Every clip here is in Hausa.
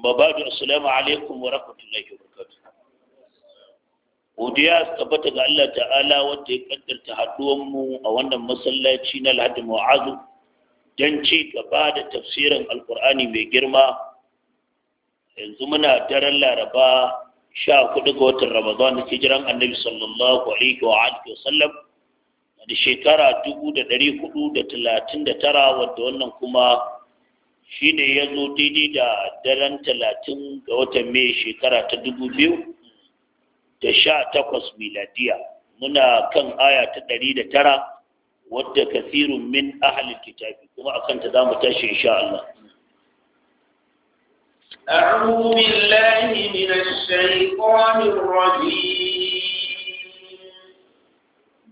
babadu assalamu alaikum wa rahmatullahi wa barakatuh godiya tabbata ga Allah ta'ala wanda ya kaddarta haduwan mu a wannan masallaci na Alhaji Mu'azu dan ci gaba da tafsirin Alqur'ani mai girma yanzu muna daren Laraba sha ga watan Ramadan da hijiran Annabi sallallahu alaihi wa alihi wa sallam da shekara 1439 wanda wannan kuma shi ne ya zo daidai da daren talatin ga watan mai shekara ta dubu biyu da sha takwas miladiya muna kan aya ta ɗari da tara wadda kasirun min ahalin kitabi kuma a kanta za mu tashi insha Allah. أعوذ بالله من الشيطان الرجيم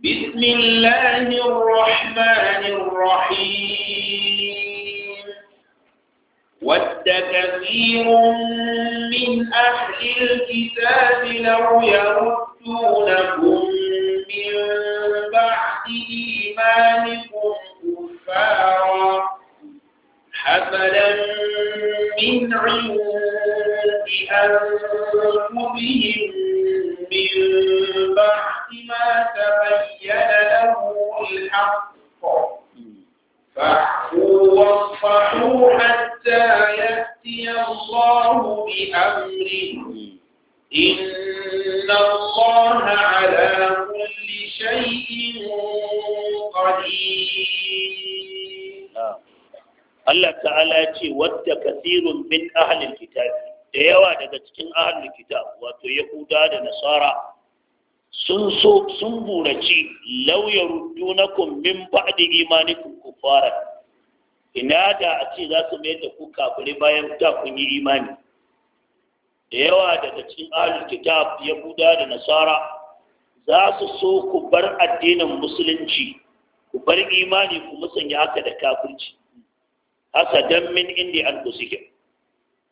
بسم الله الرحمن الرحيم ود كثير من أهل الكتاب لو يردونكم من بعد إيمانكم كفارا حفلا من عند أنفسهم من بعد ما تبين له الحق فاعفوا واصفحوا حتى يأتي الله بأمره إن الله على كل شيء قدير Allah ta'ala ya ce wadda kasirun min ahalin kitabi da yawa daga cikin ahalin kitab wato yahuda da nasara sun so sun buraci na dunakun min ba'di imanikum kufara ina da a ce za su mayar da ku kafiri bayan ta kun yi imani da yawa daga cikin ahlul kitab buda da nasara za su so ku bar addinin musulunci ku bar imani ku musanya haka da kafirci hasadan min indi an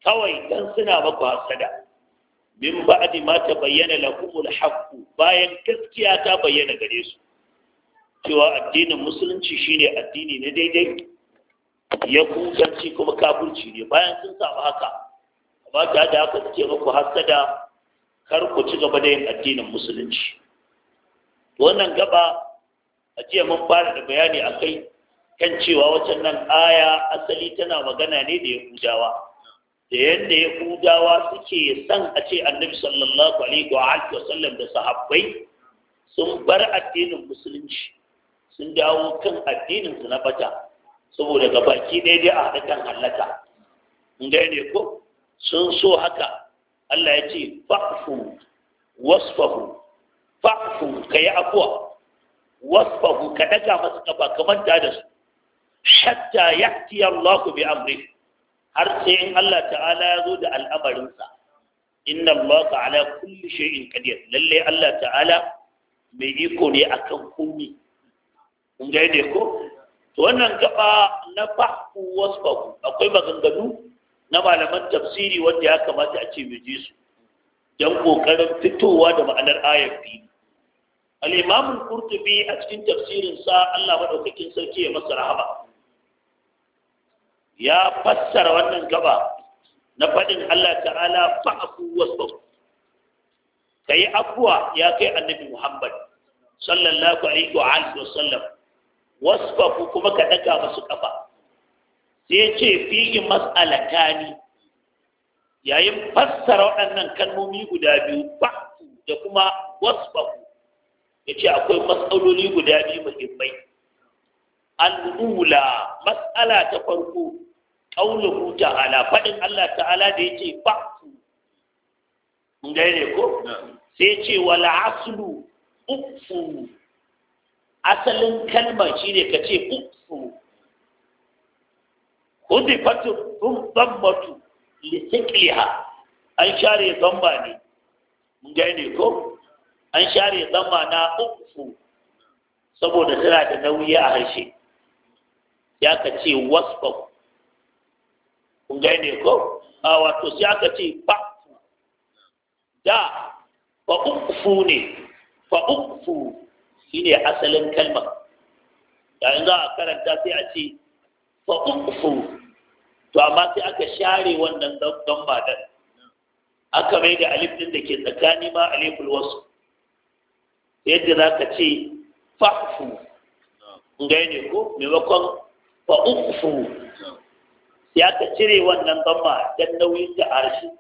kawai dan suna maku hasada min ba'di ma tabayyana lakumul haqq bayan gaskiya ta bayyana gare su cewa addinin musulunci shine addini ne daidai ya kusanci kuma kafirci ne bayan sun samu haka ba ta da haka suke muku hasada kar ku ci gaba da yin addinin musulunci wannan gaba a jiya mun fara da bayani akai kan cewa waccan nan aya asali tana magana ne da yahudawa da yadda yahudawa suke son a ce annabi sallallahu alaihi wa alihi wa sallam da sahabbai sun bar addinin musulunci sun dawo kan addinin su na bata saboda ga baki ɗaya dai a haɗa kan hallaka in ne ko sun so haka Allah ya ce fa'fu wasfahu fa'fu kayi afwa wasfahu ka daga masu kafa kamar da su hatta ya'ti Allah bi amri har sai in Allah ta'ala ya zo da al'amarinsa inna Allah ala kulli shay'in qadir lalle Allah ta'ala mai iko ne akan komai kun ga ne ko to wannan gaba na fahu wasfahu akwai maganganu na malaman tafsiri wanda ya kamata a ce mu ji su dan kokarin fitowa da ma'anar ayar biyu al-imam al-qurtubi a cikin tafsirin sa Allah madaukakin sarki ya masa rahama ya fassara wannan gaba na faɗin Allah ta'ala fa'afu wasu ka yi abuwa ya kai annabi Muhammad sallallahu alaihi wa alihi wasallam wasfafu kuma ka daga masu kafa sai ce fihi mas'alatani yayin fassara waɗannan kalmomi guda biyu ba da kuma ya yace akwai matsaloli guda biyu muhimmai al'ula mas'ala ta farko qauluhu ta'ala faɗin Allah ta'ala da ce ba mun ga ne ko sai ce wal aslu ufu asalin kalma shine kace ufu hudifatu hum dhammatu li thiqliha an share zamba ne mun ne ko an share zamba na uku. saboda tana da nauyi a harshe ya kace wasu kun ne ko a wato sai aka ce ba da fa ukfu ne fa ukfu shine asalin kalmar yayin za a karanta sai a ce fa ukfu to amma sai aka share wannan dan ba dan aka mai da alif da ke tsakani ma aliful wasu yadda za ka ce fa'fu ngai ne ko maimakon fa'ufu Ya ka cire wannan bamma don nauyin ta arshi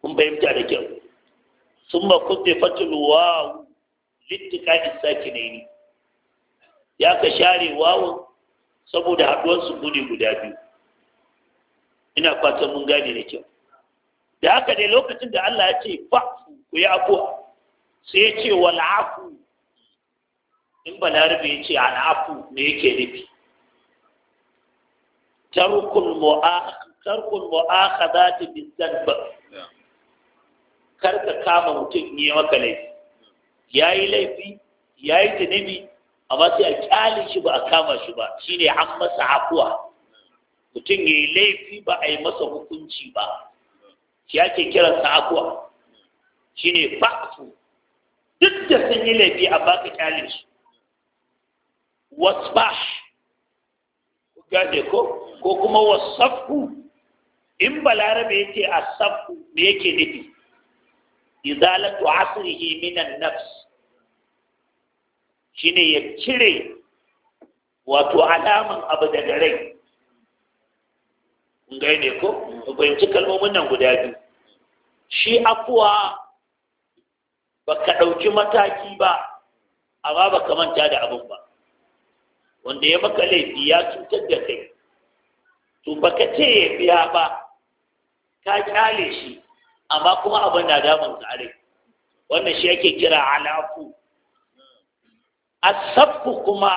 kun fahimta da kyau sun kun bai fatilu wawu littika ne. ya ka share wawun saboda haɗuwarsu guni guda biyu ina fatan mun gane da kyau da haka dai lokacin da Allah ya ce fa'fu ku yi abuwa sai ya ce wal'afu in balarabe ya ce al'afu ne yake nufi tarkul mu'akhadati bi kar ka kama mutum yi maka laifi yayi laifi yayi zunubi amma sai a kyale shi ba a kama shi ba shine an masa hakuwa mutum yayi laifi ba a yi masa hukunci ba shi kiran kiransa hakuwa shine fa'fu duk da sun yi laifi a baka kyale shi wasbah gane ko ko kuma wasafku in balarabe yake safku me yake nufi izalatu asrihi minan nafs shine ya cire wato alaman abu daga rai ne ko fahimci kalmomin nan guda biyu shi afuwa baka ɗauki mataki ba amma baka manta da abin ba wanda ya maka laifi ya cutar da kai to baka ce ya biya ba ka kyale shi amma kuma abin na damun ka wannan shi yake kira alafu asabbu kuma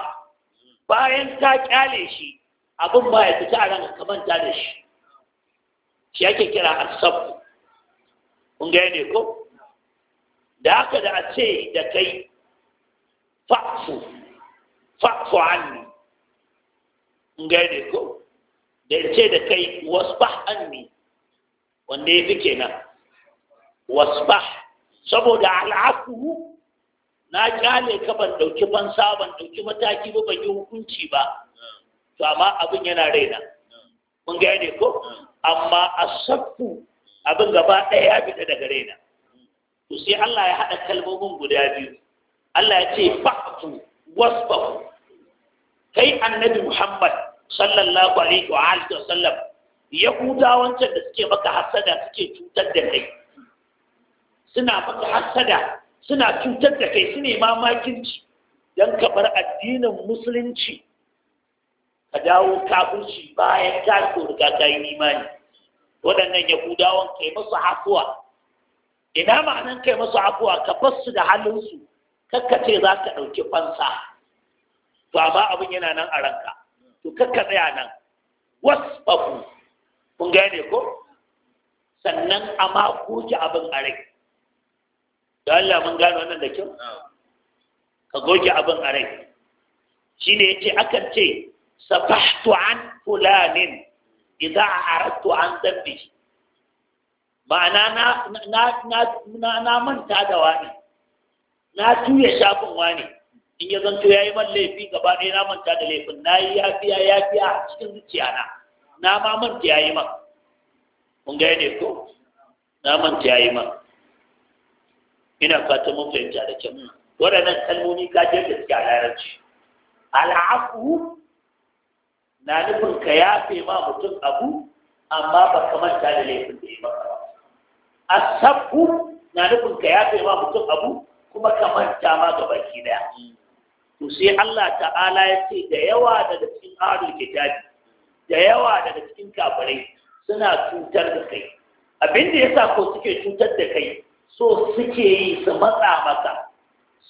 bayan ka kyale shi abin ba ya fita a ranka ka manta da shi shi yake kira asabbu kun ga ne ko da haka da a ce da kai fa'fu fa'fu anni gane ko da ce da kai wasbah anni wanda ya fi kenan wasbah saboda al'afu na kyale ka ban ɗauki ban ban ɗauki mataki ba ban yi hukunci ba to amma abin yana raina mun gane ko amma asaffu abin gaba ɗaya ya fita daga raina to sai Allah ya haɗa kalmomin guda biyu Allah ya ce fa'tu wasbahu kai annabi Muhammad sallallahu alaihi wa alihi wa sallam wancan da suke maka hasada suke cutar da kai suna maka hasada suna cutar da kai su ne ma ci, don kabar addinin musulunci ka dawo kafirci bayan ka ko riga ka yi imani waɗannan yahudawan kai masu hafuwa ina ma'anan kai masu hafuwa ka fassu da halinsu kakkace ce za ka ɗauki fansa to amma abin yana nan a ranka to kakka tsaya nan wasfahu kun gane ko sannan a makoki abin a rai da Allah mun gane wannan da kyau ka goge abin a rai shi ne ya ce akan ce safahtu an fulanin idan a harattu an zambi ma'ana na manta da wani na tuya shafin wani in ya zanto ya yi man laifi gaba ɗaya na manta da laifin na yi yafiya yafiya a cikin zuciya na na ma manta ya yi man kun gaya ne ko na manta ya yi man ina fata mun fahimta da kyau waɗannan kalmomi ka je da suke a larabci al'afu na nufin ka yafe ma mutum abu amma ba ka manta da laifin da ya maka ba asabu na nufin ka yafe ma mutum abu kuma ka manta ma gabaki ɗaya. daya to sai Allah ta'ala ya ce da yawa daga cikin ahlul kitabi da yawa daga cikin kafirai suna cutar da kai abin da yasa ko suke cutar da kai so suke yi su matsa maka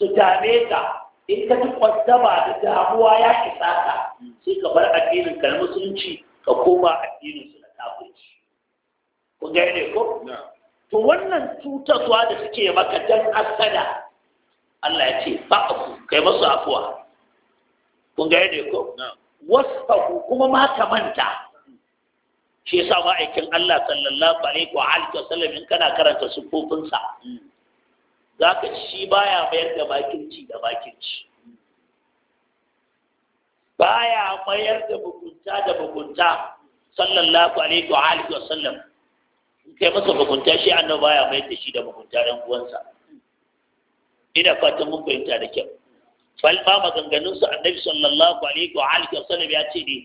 su dame ka in ka ci kwazzaba da damuwa ya isa ka sai ka bar addinin ka musulunci ka koma addinin su na kafirci Ku ga ne ko to wannan cutarwa da suke maka dan asada Allah ya ce ba ku kai masu afuwa kun ga yadda ko wasfahu kuma ma ka manta shi yasa ma'aikin Allah sallallahu alaihi wa alihi wa sallam in kana karanta sufofinsa mm. zaka ci shi baya mayar da bakin ci da bakin ci. baya mayar da bukunta da bukunta sallallahu alaihi wa alihi wa sallam in kai masa bukunta shi annabi baya mayar da shi da bukunta dan uwansa ina fatan mun fahimta da kyau falma maganganun su annabi sallallahu alaihi wa alihi wa sallam ya ce ne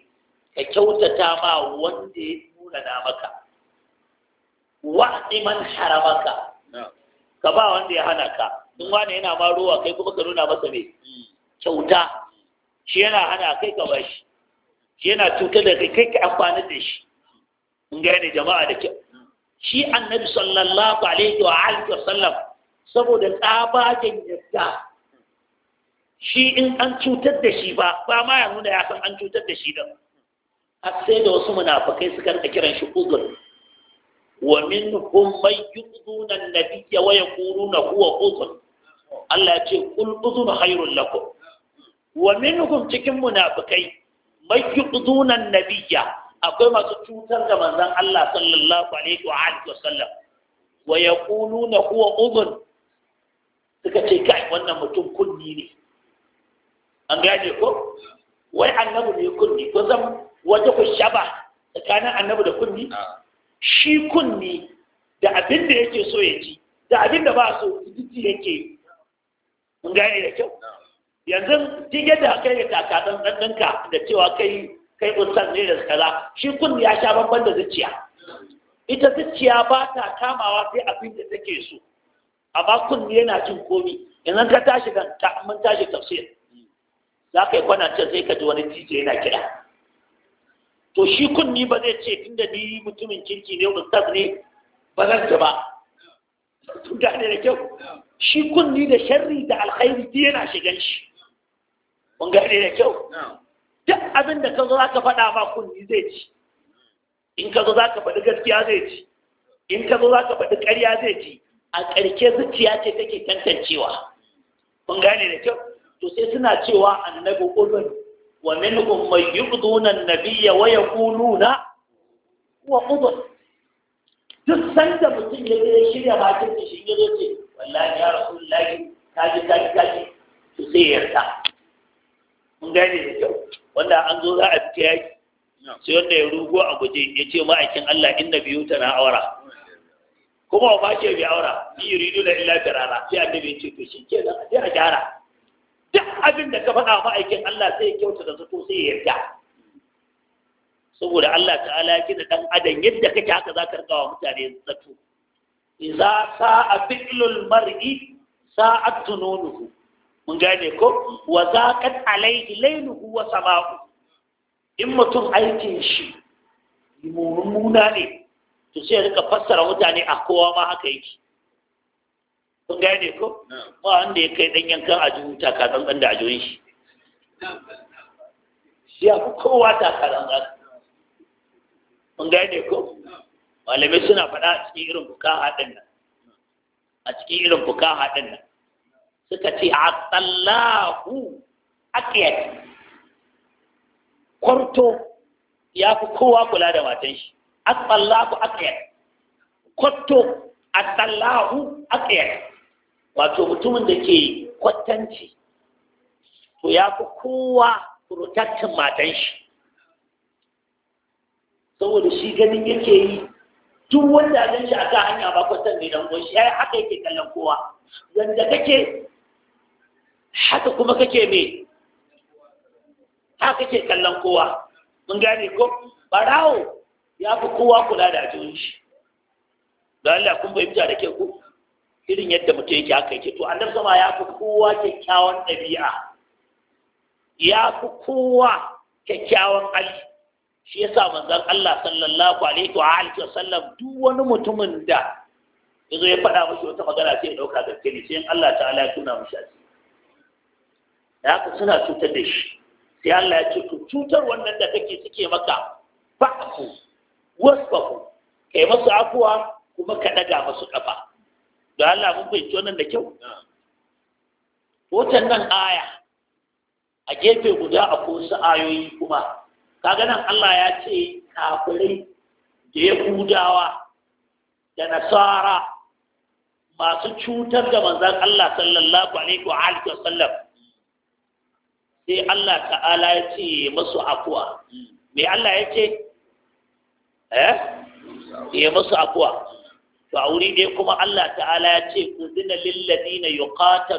ka kyautata ma wanda ya nuna na maka wa'di man haramaka ka ba wanda ya hana ka in wani yana ma ruwa kai kuma ka nuna masa ne mm. kyauta shi yana hana kai ka bashi shi yana cutar da kai kai ka amfani da shi in gane jama'a da kyau mm. shi annabi sallallahu alaihi wa alihi wa sallam saboda tsabagen yadda shi in an cutar da shi ba ba ma ya nuna ya san an cutar da shi din a sai da wasu munafakai suka rika kiran shi uzur wa minhum man yu'dhuna an-nabiyya wa yaquluna huwa uzur Allah ya ce kul uzur khairul lakum wa minhum cikin munafikai man yu'dhuna an-nabiyya akwai masu cutar da manzon Allah sallallahu alaihi wa alihi wa sallam wa yaquluna huwa uzur suka ce kai wannan mutum kunni ne an gane ko wai annabi ne kunni ko zan wata ku shaba tsakanin annabi da kunni ah. shi kunni da abin da yake so ya ci da abin da ba so jiji yake mun gane da kyau ah. yanzu duk yadda kai ya kaka dan ɗanɗanka da cewa kai kai ne da kaza shi kunni ya sha bamban da zuciya ita zuciya ba ta kamawa sai abin da take so amma kunni yana jin komi Idan ka tashi kan ta mun tashi tafsir za ka yi kwana can sai ka ji wani DJ yana kiɗa to shi kunni ba zai ce tunda ni mutumin kirki ne ustaz ne ba zan ta ba tun gane da kyau shi kunni da sharri da alkhairi duk yana shigan shi mun gane da kyau duk abin da ka zo za ka faɗa ma kunni zai ci in ka zo za ka faɗi gaskiya zai ci in ka zo za ka faɗi ƙarya zai ci a ƙarƙe zuciya ce take tantancewa kun gane da kyau to sai suna cewa annabi ulun wa minhum may yuduna an waya wa yaquluna wa udun duk sanda mutum ya zai shirya bakin shi ya zo ce wallahi ya rasulullahi kaji kaji kaji to sai yarta. mun gane da kyau wanda an zo za a fita yaki sai wanda ya rugo a guje ya ce ma'aikin Allah inna biyu tana aura kuma wa mace bi aura ni yuridu la illa firara sai annabi ya ce to shi ke nan sai a gyara duk abin da ka faɗa ma'aikin Allah sai ya kyauta da zato sai ya yarda saboda Allah ta'ala ya kida dan adam yadda kake haka za ka wa mutane zato Iza sa'a fi'lul mar'i sa'at tununuhu mun gane ko wa zaqat alayhi layluhu wa sama'u in mutum aikin shi mummuna ne to sai rika fassara mutane a kowa ma haka yake kun ne ko ba wanda ya kai dan yankan a juhu taka tsantsan da ajoyin shi shi ya fi kowa taka tsantsan kun ne ko malamai suna faɗa a cikin irin buka haɗin nan a cikin irin buka haɗin nan suka ce a tsallahu akiyat kwarto ya fi kowa kula da matan shi at-talaqu aqyad kwatto at-talaqu aqyad wato mutumin da ke kwattanci to ya fi kowa protectin matan shi saboda shi ganin yake yi duk wanda a ganshi a hanya ba kwatan ne dan goshi yayi haka yake kallon kowa yanda kake haka kuma kake me haka ke kallon kowa mun gane ko barawo ya fi kowa kula da ajiyoyin shi da Allah kun bai da ke ku irin yadda mutum yake aka yake to annabi sama ya fi kowa kyakkyawan ɗabi'a ya fi kowa kyakkyawan ali shi yasa manzon Allah sallallahu alaihi wa alihi wa sallam duk wani mutumin da yazo ya faɗa mashi wata magana sai ya dauka gaske ne sai Allah ta'ala ya tuna mashi asiri da haka suna cutar da shi sai Allah ya ce to cutar wannan da kake suke maka ba ku wasfahu kai masu afuwa kuma ka daga masu kafa don Allah mun fahimci wannan da kyau watan nan aya a gefe guda a kusa ayoyi kuma Ka ganin Allah ya ce kafirai da ya hudawa da nasara masu cutar da manzan Allah sallallahu alaihi wa alihi wasallam sai Allah ta'ala ya ce masu afuwa mm. me Allah ya ce eh ya musu akuwa Ba a wuri dai kuma Allah ta'ala ya ce udina lil ladina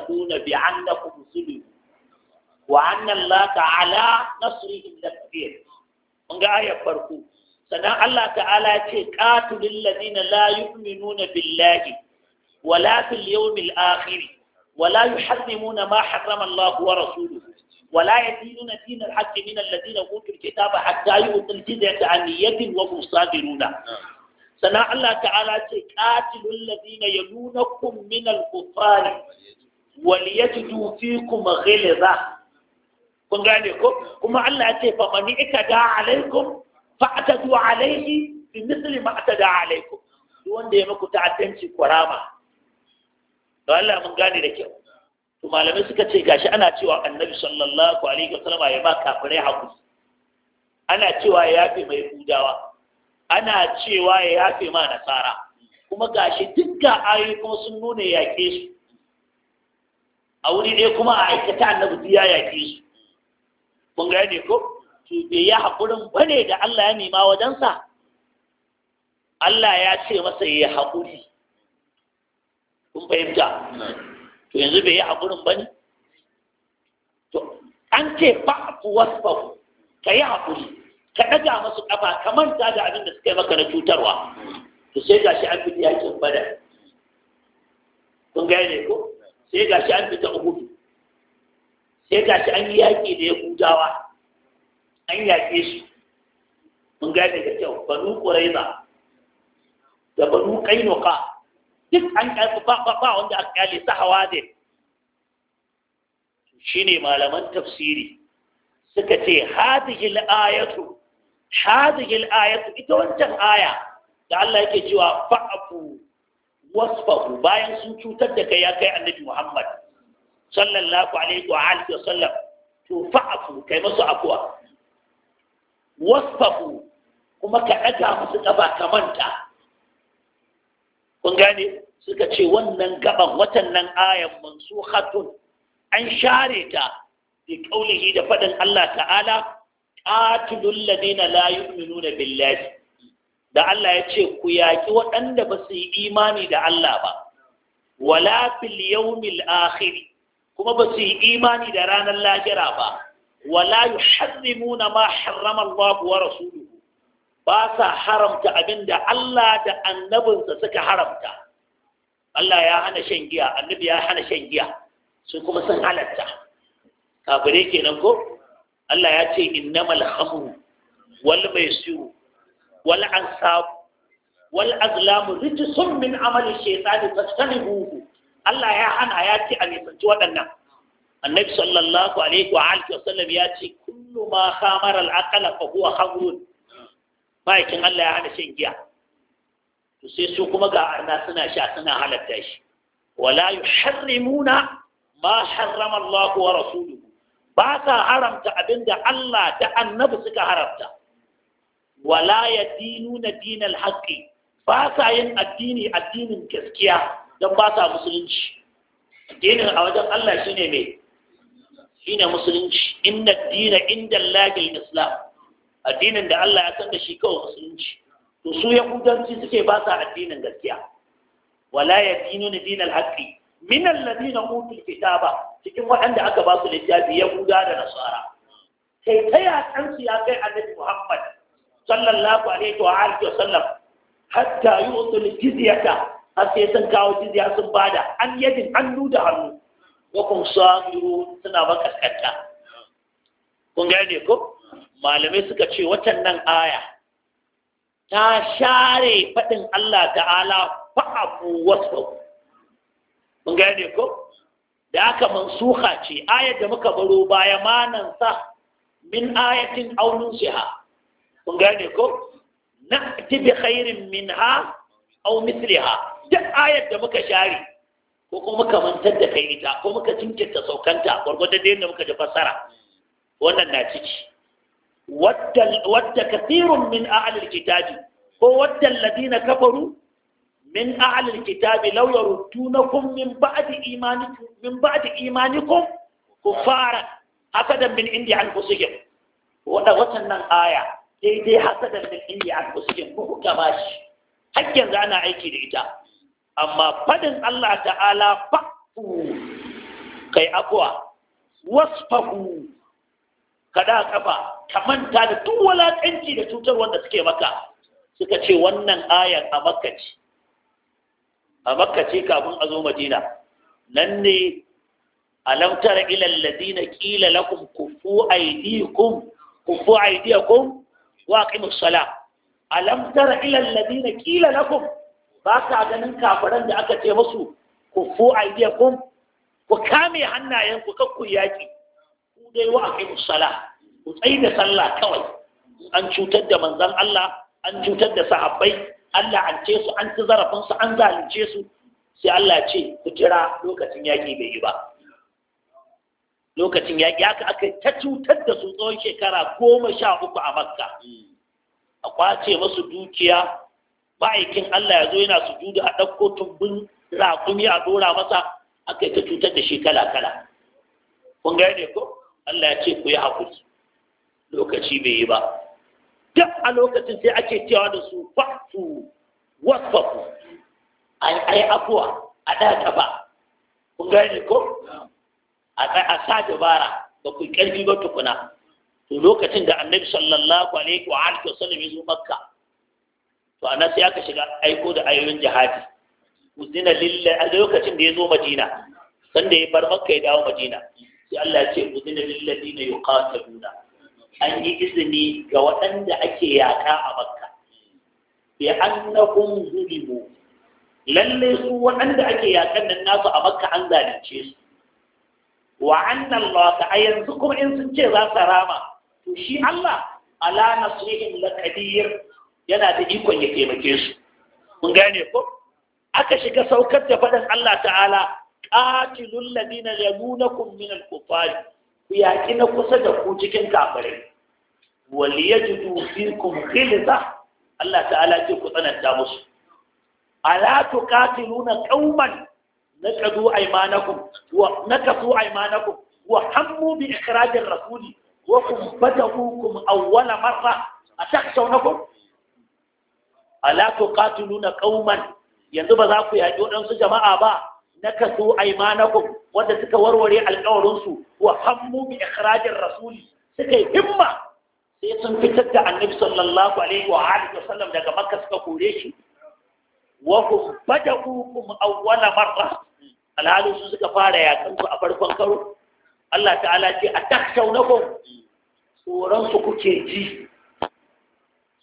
nuna bi ku zulm wa anna Allah ta'ala nasrihim lakbir mun ga ayar farko sannan Allah ta'ala ya ce qatilul ladina la yu'minuna billahi wala fil yawmil akhir wala yuharrimuna ma harrama Allah wa rasuluhu ولا يدينون دين الحق من الذين أوتوا الكتاب حتى يؤتوا الجزية عن نية وهم صابرون سنا الله تعالى قاتل الذين يلونكم من الكفار وليجدوا فيكم غلظة kun gane ko kuma Allah ce fa mani ikada alaikum fa atadu alaihi bi misli ma atada alaikum wanda ya muku ta'addanci kurama to Allah mun gane da kyau to malamai suka ce gashi ana cewa annabi sallallahu alaihi wasallam ya ba kafirai hakuri ana cewa ya yafe mai hudawa ana cewa ya yafe ma nasara kuma gashi dukkan ayoyi kuma sun nuna yaƙe su a wuri ɗaya kuma a aikata annabi ya yaƙe su kun gane ko to bai ya haƙurin bane da Allah ya nema wajensa Allah ya ce masa ya haƙuri kun fahimta to yanzu bai yi a gurin ba ne to an ce ba ku wasfahu ka yi haƙuri ka ɗaga masu ƙafa ka manta da abin da suka yi maka na cutarwa to sai ga shi an fita yakin bada kun gaya ne ko sai ga shi an ta uhudu sai ga shi an yi yaƙi da ya hudawa an yaƙe su kun gaya da kyau banu ƙuraiza da banu ƙainuka duk an ba ba wanda aka kyale su hawadin shine malaman tafsiri suka ce hadhihi al-ayatu hadhihi al-ayatu ita wancan aya da Allah yake cewa fa'fu wasfahu bayan sun cutar da kai ya kai annabi Muhammad sallallahu alaihi wa alihi wa sallam to fa'fu kai musu afwa wasfahu kuma ka ɗaga musu ƙafa ka manta kun gane suka ce wannan gaban watan nan ayan mansukhatun an share ta bi qaulihi da faɗin Allah ta'ala qatilul ladina la yu'minuna billahi da Allah ya ce ku yaki waɗanda ba su yi imani da Allah ba wala fil yawmil akhir kuma ba su yi imani da ranar lahira ba wala yuharrimuna ma harrama Allah wa rasuluhu ba sa haramta abinda Allah da annabinsa suka haramta Allah ya hana shan giya annabi ya hana shan giya su kuma sun halatta kafirai kenan ko Allah ya ce innamal hamru wal maisiru wal ansab wal azlamu rijsun min amali shaytani fastanibuhu Allah ya hana ya ce a nisanci waɗannan annabi sallallahu alaihi wa alihi wa sallam ya ce kullu ma khamara al aqla fa huwa khamrun ma'aikin Allah ya hana shan giya to sai su kuma ga arna suna sha suna halatta shi wala yuharrimuna ma harrama Allah wa rasuluhu ba sa haramta abinda Allah da annabi suka haramta wala yadinuna dinal haqqi ba sa yin addini addinin gaskiya don ba sa musulunci addinin a wajen Allah shine me? shine musulunci inna dina inda lagil islam addinin da Allah ya san da shi kawai musulunci to su yahudanci suke ba sa addinin gaskiya wala yadinuna dinal haqqi min alladhina utul kitaba cikin waɗanda aka ba su littafi yahuda da nasara kai ta yakan su ya kai annabi muhammad sallallahu alaihi wa alihi wa sallam hatta yu'tul jizyata har sai kawo jizya sun bada an yadin hannu da hannu wa kun sabiru suna makaskanta kun gane ko malamai suka ce watan nan aya ta share faɗin Allah ta'ala fa'afu wasu mun gane ko da aka suka ce ayar da muka baro baya manan sa min ayatin aunin siha mun gane ko na bi khairin min ha au misliha duk ayar da muka share ko kuma muka mantar da kai ita ko muka cinkinta saukanta gwargwadon da yadda muka ji fassara wannan na ciki wadda kathirun min ahlil kitabi ko wadda alladina kafaru min ahlil kitabi law yarudunakum min ba'di imanikum min ba'di imanikum kuffara hasadan min indi an anfusihim wanda watannan aya daidai hasadan min indi an anfusihim ko kuka bashi hakkin za ana aiki da ita amma fadin Allah ta'ala fa'u kai akwa wasfahu ka da kafa ka manta da duk walakanci da cutar wanda suke maka suka ce wannan ayan a makka ce a makka ce kafin a zo madina nan ne alam tara ila alladhina qila lakum kufu aydiyakum kufu aydiyakum wa aqimus salah alam tara ila alladhina qila lakum ba ka ganin kafiran da aka ce musu kufu aydiyakum ku kame hannayen ku kakku yaki sai wa aqimus sala ku tsayi da sallah kawai an cutar da manzon Allah an cutar da sahabbai Allah an ce su an ci zarafin su an zalunce su sai Allah ce ku jira lokacin yaƙi bai yi ba lokacin yaki aka aka ta cutar da su tsawon shekara goma sha uku a makka a kwace masu dukiya ma'aikin Allah ya zo yana su sujuda a ɗauko tumbin raƙumi a ɗora masa aka yi ta cutar da shi kala-kala. Kun gane ko? Allah ya ce ku yi haƙuri lokaci bai yi ba duk a lokacin sai ake cewa da su fatu wasfaku ai afuwa a ɗaka ba kun gani ko a sa dabara ba ku ƙarfi ba tukuna to lokacin da annabi sallallahu alaihi wa alihi wasallam ya zo makka to anan sai aka shiga aiko da ayoyin jihadi uzina lillahi a lokacin da ya zo madina sanda ya bar makka ya dawo madina sai Allah ya ce udina lil ladina yuqataluna an yi izini ga waɗanda ake yaka a Makka bi annahum zulimu lalle su waɗanda ake yakan nan nasu a Makka an zalunce su wa anna Allah a yanzu kuma in sun ce za su rama to shi Allah ala nasrihim laqadir yana da ikon ya taimake su mun gane ko aka shiga saukar da faɗin Allah ta'ala qatilul ladina yalunakum min al-kuffar ku yaki na kusa da ku cikin kafirai wal yajidu fikum khilza Allah ta'ala ce ku tsananta musu ala tuqatiluna qauman nakadu aymanakum wa nakasu aymanakum wa hammu bi ikhrajir rasuli wa kum bada'ukum awwala marra atakhshawnakum ala tuqatiluna qauman yanzu ba za ku yaƙi waɗansu jama'a ba na kaso aimanakum wanda suka warware alƙawarinsu wa hammu bi ikhrajir rasuli suka yi himma sai sun fitar da annabi sallallahu alaihi wa alihi sallam daga makka suka kore shi wa hum bada'ukum awwala marra alhalin su suka fara yakan ku a farkon karo Allah ta'ala ce a takshaunakum tsoron su kuke ji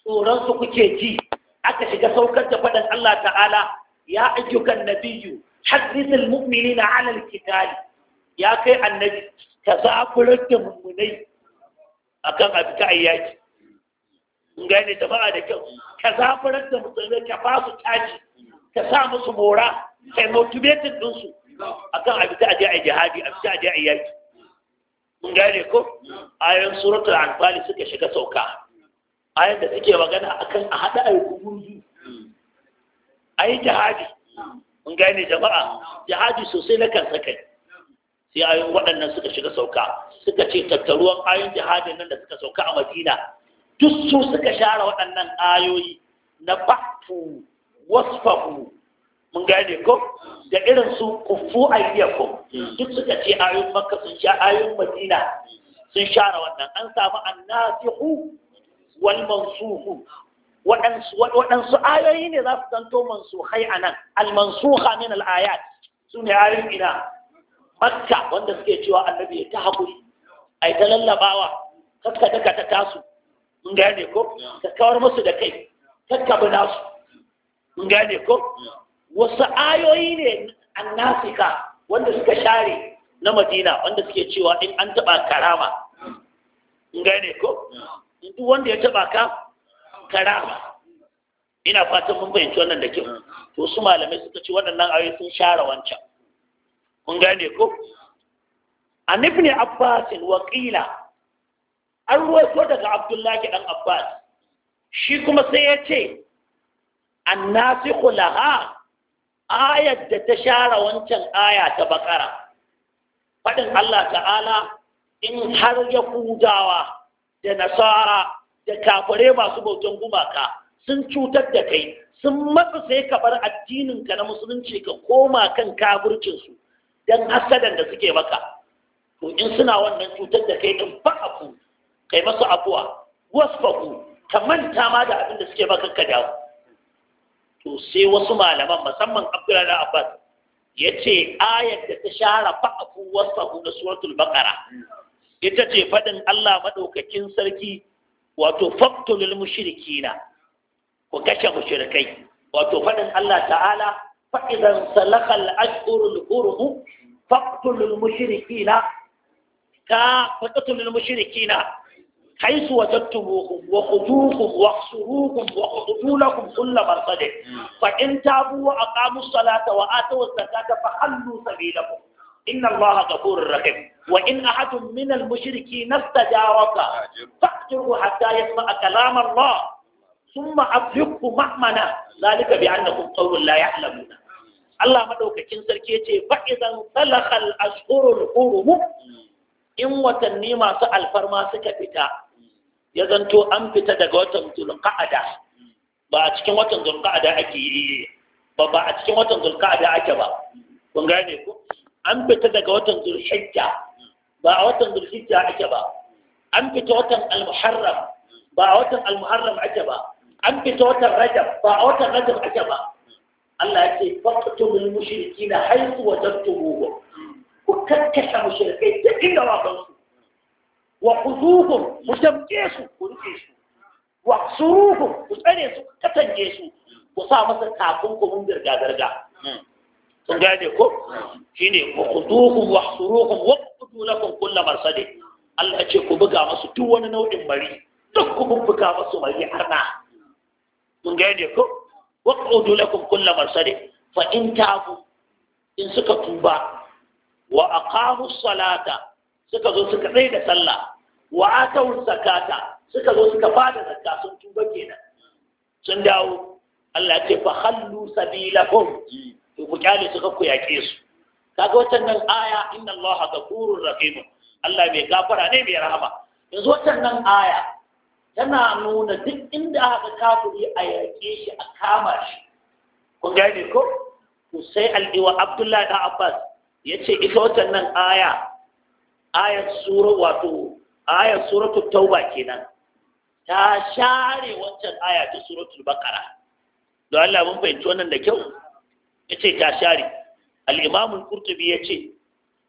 tsoron su kuke ji aka shiga saukar da faɗin Allah ta'ala ya ayyukan nabiyyu haddisul mu'minina ala alqitali ya kai annabi ka zaburar da mummunai akan abita ayyaki in gane jama'a da kyau ka zaburar da musulmai ka ba su taji ka sa musu mora kai motivating din su akan abita aje a jihadi abita aje a yaki in gane ko ayan suratul anfal suka shiga sauka ayan da suke magana akan a hada ayyukan gurbi ayi jihadi mun gane jama'a jihadi sosai na kan sakai sai ayoyin waɗannan suka shiga sauka suka ce tattaruwan ayoyin jihadi nan da suka sauka a madina duk su suka share waɗannan ayoyi na batu wasfahu mun gane ko da irin su kufu ko. duk suka ce ayoyin makka sun sha ayoyin madina sun share wannan an samu annasihu wal mansuhu waɗansu ayoyi ne za su zanto mansukhai a nan almansukha min al'ayat su ne ayoyin ina makka wanda suke cewa annabi ya ta haƙuri a yi ta lallabawa kakka ta ta tasu mun gane ko ka musu da kai kakka bi nasu mun gane ko wasu ayoyi ne annasika wanda suka share na madina wanda suke cewa in an taɓa karama mun gane ko duk wanda ya taɓa ka karama ina fatan mun fahimci wannan da kyau to su malamai suka ce waɗannan ayoyi sun share wancan kun gane ko an ibn abbas wa qila an ruwaito daga abdullahi dan abbas shi kuma sai ya ce annasikhu laha ayat da ta share wancan aya ta bakara faɗin Allah ta'ala in har ya kudawa da nasara da kafare masu bautan gumaka sun cutar da kai sun matsa sai ka bar addininka na musulunci ka koma kan su don hasadan da suke maka to in suna wannan cutar da kai din fa'afu kai masu afuwa wasfahu ka manta ma da abin da suke maka ka dawo to sai wasu malaman musamman Abdullahi Abbas yace ayar da ta share fa'afu wasfahu da suratul baqara ita ce fadin Allah madaukakin sarki wato faktulul mushrikina ku kashe mushrikai wato faɗin Allah ta'ala fa idan salakal ashurul hurum faktulul mushrikina ka faktulul mushrikina حيث وجدتموهم وخذوهم واحصروهم وخذوا لكم كل مرصد فإن تابوا وأقاموا الصلاة وآتوا الزكاة فخلوا سبيلهم إن الله غفور رحيم وإن أحد من المشركين استجارك فأجره حتى يسمع كلام الله ثم أبلغه مأمنا ذلك بأنكم قوم لا يعلمون Allah madaukakin sarki ya ce fa'izan talakal ashhurul hurum in watanni masu alfarma suka fita ya zanto an fita daga watan zulqa'ada ba a cikin watan zulqa'ada ake yi ba a cikin watan ake ba ku an fita daga watan ba a watan zulhijja ake ba an fita watan almuharram ba a watan almuharram ake ba an fita watan rajab ba a watan rajab ake ba Allah ya ce faqtul mushrikina haythu wajadtumuhum ku kakkashe mushrikai duk inda ba su wa khuzuhum ku jamke su ku rike su wa suruhum ku tsare su ku katange su ku sa masa kafin ku mun garga garga sun hmm. gane ko hmm. shine wa khuzuhum wa suruhum fuddu lakum kullu marsadin Allah ya ce ku buga masu duk wani nau'in mari duk ku buga masu mari arna mun ga ne ko waqudu lakum kullu marsadin fa in tabu in suka tuba wa aqamu salata suka zo suka tsaye da sallah wa atau zakata suka zo suka bada zakka sun tuba kenan sun dawo Allah ya ce fa hallu sabilakum to ku kyale suka ku yake su kaga waccan nan aya inna Allah ghafurur rahim Allah mai gafara ne bai rahama yanzu waccan nan aya tana nuna duk inda aka kafiri a yaƙe shi a kama shi kun gane ko to sai al'iwa Abdullahi da Abbas yace ita waccan nan aya ayat sura wato ayat suratul tauba kenan ta share wancan aya ta suratul baqara don Allah mun fahimci wannan da kyau yace ta share al'imamun ƙurtubi ya ce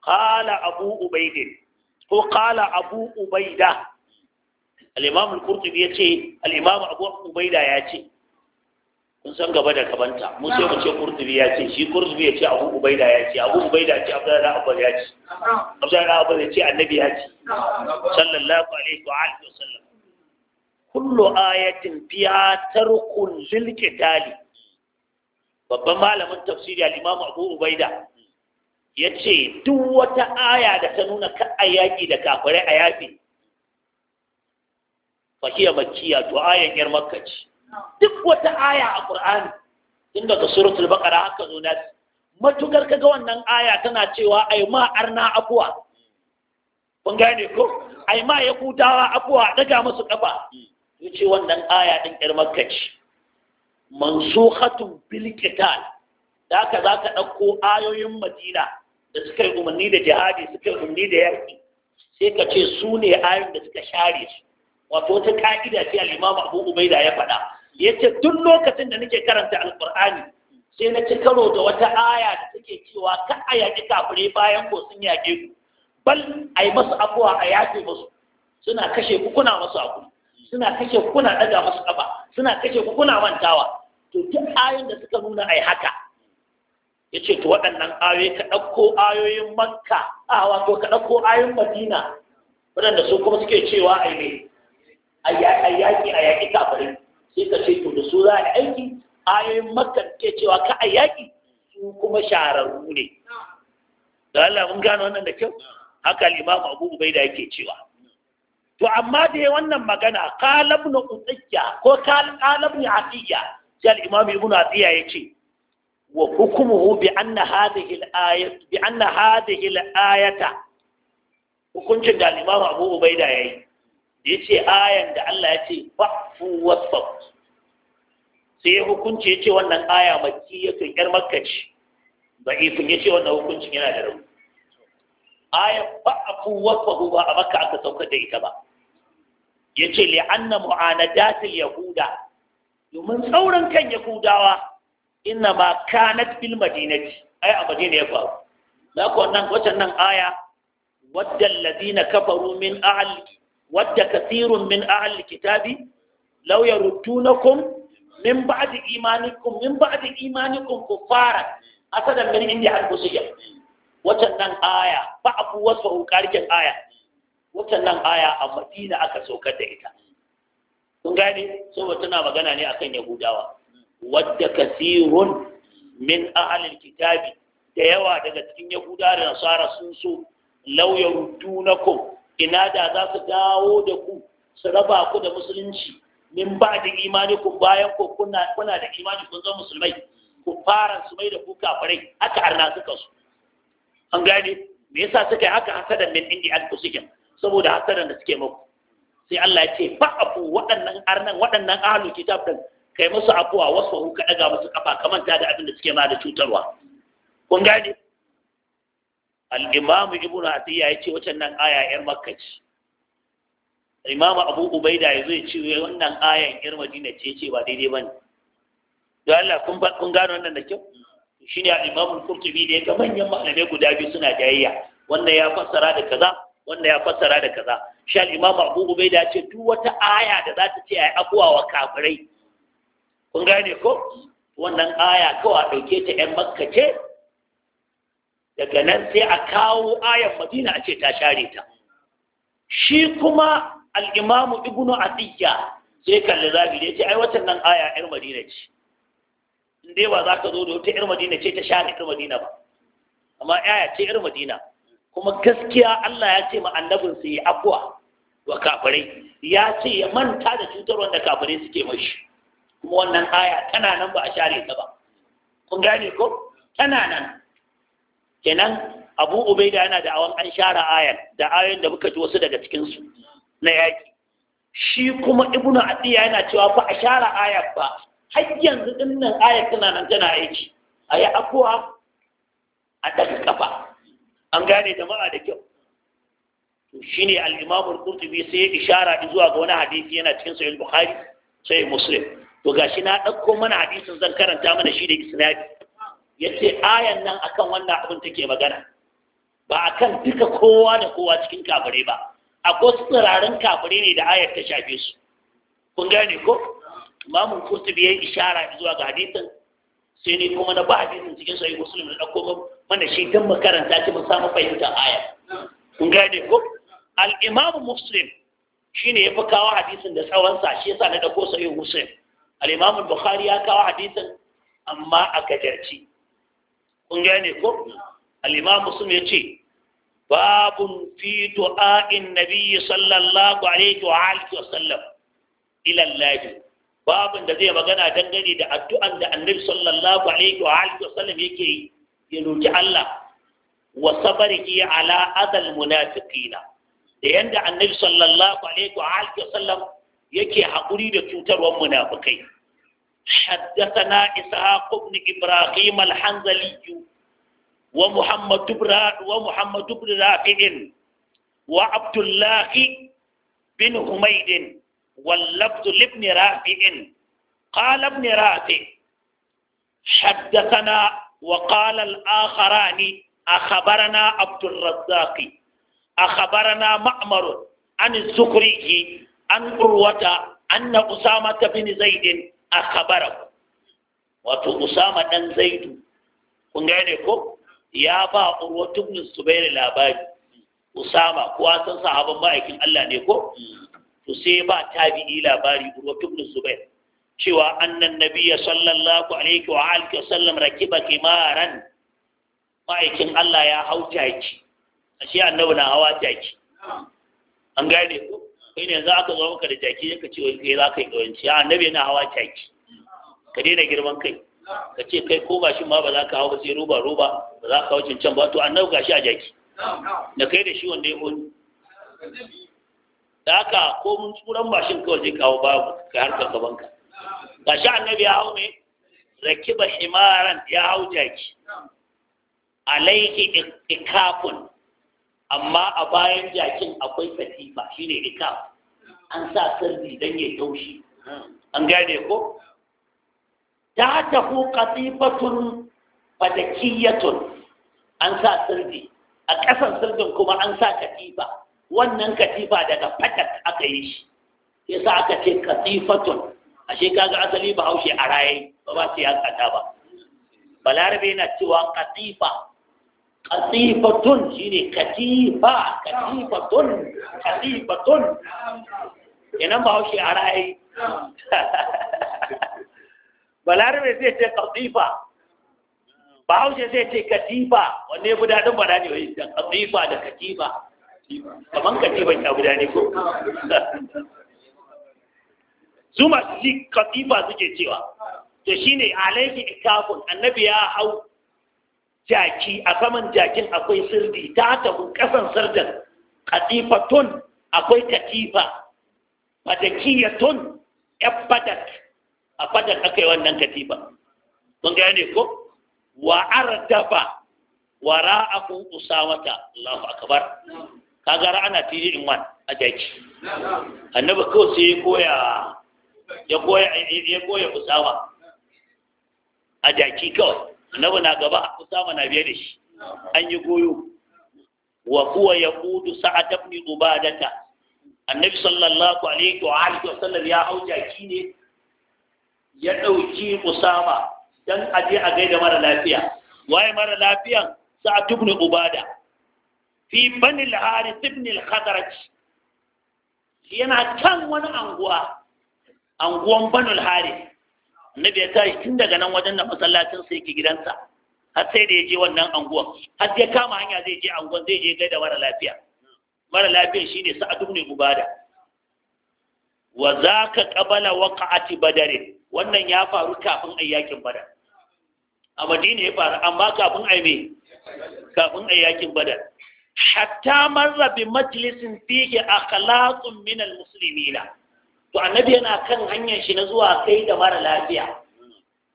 ƙala abu ubaidin ko ƙala abu ubaida al'imamun ƙurtubi ya ce al'imamun abu ubaida ya ce kun san gaba da gabanta mun sai mu ce ƙurtubi ya ce shi ƙurtubi ya ce abu ubaida ya ce abu ubaida ce Abu abbas ya ce abdullahi abbas ya ce annabi ya ce sallallahu alaihi wa alihi wa sallam kullu ayatin fiha tarkun lil qitali babban malamin tafsiri al-imam abu ubaida yace ce duk wata aya da ta nuna ka a da kafirai a yaƙi fahiyya makkiya to ayan yar makka ce duk wata aya a qur'ani inda daga suratul baqara haka zo nasi matukar kaga wannan aya tana cewa ai ma arna abuwa kun gane ko ai ma ya kutawa abuwa daga musu kafa yace wannan aya din yar makka ce mansukhatun bil qital da haka zaka dauko ayoyin Madina da suka yi umarni da jihadi suka yi umarni da yaki sai ka ce su ne ayoyin da suka share su wato wata ka'ida ce al-Imam Abu Ubaida ya faɗa yace duk lokacin da nake karanta al sai na ci karo da wata aya da take cewa ka a yaƙi kafirai bayan ko sun yaƙe ku bal a yi masu abuwa a yaƙe masu suna kashe ku kuna masu abu suna kashe ku kuna ɗaga masu ƙafa suna kashe ku kuna mantawa to duk ayoyin da suka nuna ai haka ya ce to waɗannan ayoyi ka ɗauko ayoyin makka a wato ka ɗauko ayoyin madina waɗanda su kuma suke cewa ai ne a yaƙi a yaƙi kafirai sai ka ce to da su za a aiki ayoyin makka suke cewa ka a yaƙi su kuma shararru ne da Allah mun gano wannan da kyau haka limamu abu ubaida yake cewa to amma da wannan magana kalabnu utsiyya ko kalabnu atiyya sai al-imam ibnu ya ce, wa hukmuhu bi an na haɗe ayat bi Hukuncin da al-ayata hukuncin da ya yi abu ubaida yayi yace ayan da Allah yace fu wasu sai hukunci ya ce wannan aya ya makkiyatun makaci ba ifin ya ce wannan hukuncin yana da rauni ayan fa'fu wasfaq ba a maka aka sauka da ita ba ya ce yace mu’ana datil yahuda domin saurin kan yahudawa inna ma kanat fil madinati ai a madina ya faru da ko nan wacan nan aya wadda alladhina kafaru min ahli wadda kathirun min ahli kitabi law yarudunakum min ba'di imanikum min ba'di imanikum kuffara asadan min indi al-qusiyya wacan nan aya fa abu wasu karkin aya wacan nan aya a madina aka saukar da ita kun gane saboda tana magana ne akan yahudawa wadda kasirun min ahalin kitabi da yawa daga cikin Yahuda da nasara sun so law yarudunakum ina da za su dawo da ku su raba ku da musulunci min ba da ku bayan ku kuna kuna da imani kun zama musulmai ku fara su mai da ku kafirai haka arna suka su an gane me yasa suka yi haka hasadan min indi an kusikin saboda hasadan da suke muku sai Allah ya ce ba afu waɗannan arnan waɗannan ahlul kitab din kai musu afuwa wasu hu ka daga musu kafa kamar ta da abin da suke ma da cutarwa kun gane al-imam ibnu atiya ce wacan nan aya yar makka ce imam abu ubaida yazo ya ce wannan ayan yar madina ce ce ba daidai bane don Allah kun kun gano wannan da kyau shine al-imam al-qurtubi da ya ga manyan malamai guda biyu suna jayayya wannan ya fassara da kaza wannan ya fassara da kaza shi al-imam abu ubaida ya ce duk wata aya da za ta ce ai abuwa wa kafirai kun gane ko wannan aya kawai a ɗauke ta 'yan makka ce daga nan sai a kawo ayan madina a ce ta share ta shi kuma al'imamu ibnu atiyya sai kalli zabi da ya ce ai watan nan aya 'yar madina ce dai ba za ka zo da wata 'yar madina ce ta share 'yar madina ba amma aya ce 'yar madina kuma gaskiya Allah ya ce ma su ya afuwa wa kafirai ya ce ya manta da cutar wanda kafirai suke mashi kuma wannan aya tana nan ba a share ta ba kun gane ko tana nan kenan abu ubaida yana da awan an share ayan da ayoyin da muka ji wasu daga cikin su na yaki shi kuma ibnu adiya yana cewa fa a share ayan ba har yanzu dinnan ayar tana nan tana aiki a yi afuwa a daga kafa an gane jama'a da kyau to shine al-Imam al-Qurtubi sai ya ishara zuwa ga wani hadisi yana cikin Sahih Bukhari sai Muslim to gashi na dauko mana hadisin zan karanta mana shi da isnadi yace ayan nan akan wannan abin take magana ba akan duka kowa da kowa cikin kafare ba akwai tsirarin kafare ne da ayar ta shafe su kun gane ko Imam al-Qurtubi ya ishara zuwa ga hadisin sai ne kuma na ba hadisin cikin Sahih Muslim da dauko wanda shi tun makaranta shi mun samu fahimtar aya kun gane ko al-imamu muslim shine ya fi kawo hadisin da tsawon sa shi yasa na dauko sahih muslim al-imamu bukhari ya kawo hadisin amma a gajarci kun gane ko al-imamu muslim ya ce babun fi du'a'in nabiyyi sallallahu alaihi wa alihi wa sallam ila Allah babun da zai magana dangane da addu'an da annabi sallallahu alaihi wa alihi wa sallam yake yi ya roki Allah wa sabarhi ala adal munafiqina da yanda annabi sallallahu alaihi wa alihi wasallam yake haƙuri da cutarwar munafikai حدثنا إسحاق بن إبراهيم الحنزلي ومحمد بن ومحمد بن رافع وعبد الله بن حميد واللفظ لابن رافع قال ابن رافع حدثنا وقال الآخران أخبرنا عبد الرزاق أخبرنا معمر عن الزكري عن عروة أن أسامة بن زيد أخبره wato Usama ɗan Zaidu kun gane ko ya ba Urwatu ibn Zubair labari Usama ko sahaban ma'aikin Allah ne ko to ba tabi'i labari cewa annan sallan sallallahu alaihi wa alihi wasallam rakiba kimaran ma'aikin Allah ya hau jaki ashe annabi na hawa jaki an gane ko kai ne za ka zo maka da jaki ka ce kai za ka yi kawanci a annabi yana hawa jaki ka daina girman kai ka ce kai ko bashin ma ba za ka hau ba sai roba roba ba za ka hau cancan ba to annabi gashi a jaki da kai da shi wanda ya hori da haka ko mun tsuran bashin kawai zai kawo babu kai harkar gabanka ga shi annabi ya hau ne rakiba himaran ya hau jaki alaiki ikafun amma a bayan jakin akwai katifa shine ikaf an sa sirri don ya taushi an gane ko ta tafu katifatun fadakiyatun an sa sirri a ƙasan sirrin kuma an sa katifa wannan katifa daga fadak aka yi shi yasa aka ce katifatun ashe kaga asali ba haushe a raye ba ba ce ya kata ba balarabe yana cewa katifa katifatun shine katifa katifatun katifatun kenan ba haushe a raye balarabe zai ce katifa ba haushe zai ce katifa wanne ya fi daɗin ba ne wani katifa da katifa kamar katifa ya fi daɗi ko su masu ji katifa suke cewa to shine alaiki ikafun annabi ya hau jaki a saman jakin akwai sirdi ta tabu kasan sirdan katifatun akwai katifa fatakiyatun yan fadak a fadak aka wannan katifa kun ne ko wa ardafa wa ra'afu usawata Allahu akbar kaga ana tiri in wan a jaki annabi ko sai ya koya ya goya usama a jaki kawai annabi na gaba usama na biye da shi an yi goyo wa kuwa ya kudu sa'ad ibn ubadata annabi sallallahu alaihi wa alihi ya hau jaki ne ya dauki usama dan aje a gaida mara lafiya waye mara lafiyan sa'ad ibn ubada fi bani al-harith ibn al-khadraj yana kan wani anguwa anguwan banul haris annabi ya tashi tun daga nan wajen da masallacin sai yake gidansa har sai da ya je wannan anguwan har ya kama hanya zai je anguwan zai je gaida mara lafiya mara lafiya shine sa'ad ibn ubada wa zaka qabala waqa'ati badar wannan ya faru kafin ayyakin badar a madina ya faru amma kafin ai me kafin ayyakin badar hatta marra bi majlisin fihi akhlaqun min al-muslimina to annabi yana kan hanyar shi na zuwa kai da mara lafiya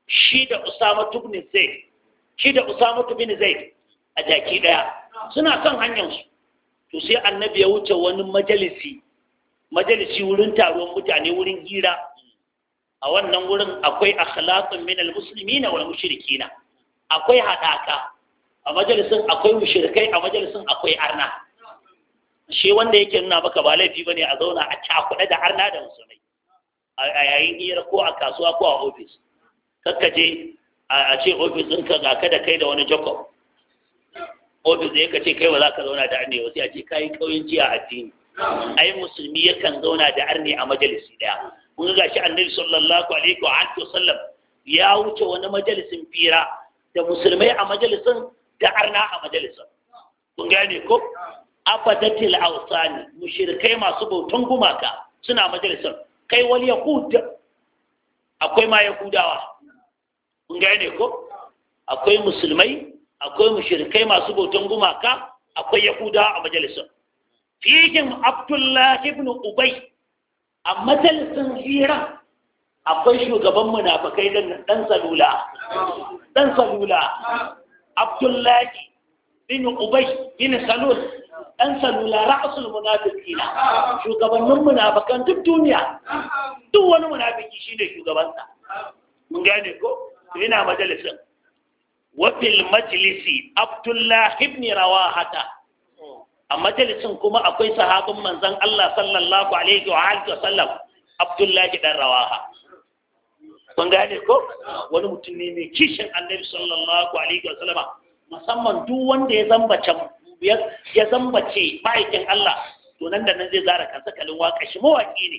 shi da usama tubni zaid shi da usama tubni zaid a jaki daya suna kan hanyar su to sai annabi ya wuce wani majalisi majalisi wurin taruwan mutane wurin hira a wannan wurin akwai akhlaqun min almuslimin wal mushrikin akwai hadaka a majalisin akwai mushrikai a majalisin akwai arna shi wanda yake nuna maka ba laifi bane a zauna a cakuɗe da harna da musulmai a yayin hira ko a kasuwa ko a ofis kakkaje a ce ofis ɗinka ga da kai da wani jacob ofis da ka ce kai ba za ka zauna da arne wasu ya ce kayi jiya a addini ai musulmi yakan zauna da arne a majalisi daya kun ga shi annabi sallallahu alaihi wa alihi sallam. ya wuce wani majalisin fira da musulmai a majalisin da arna a majalisin kun gane ko abadatil ausani mushirkai masu bautan gumaka suna majalisar kai wal yahud akwai ma yahudawa kun ga ne ko akwai musulmai akwai mushirkai masu bautan gumaka akwai yahudawa a majalisar fihim abdullah ibn ubay a majalisin hira akwai shugaban munafikai dan dan salula dan salula abdullahi bin ubay ibn salul ɗan salula ra'asul na shugabannin munafikan duk duniya duk wani munafiki shine shugabansa mun gane ko to ina majalisin wa fil majlisi abdullah ibn rawahata a majalisin kuma akwai sahabin manzon Allah sallallahu alaihi wa alihi wa sallam abdullah dan rawaha kun gane ko wani mutum ne mai kishin annabi sallallahu alaihi wa sallama musamman duk wanda ya zamba can ya zambace mace ma'aikin Allah to da nan zai zara kansa kalin waka shi mawaki ne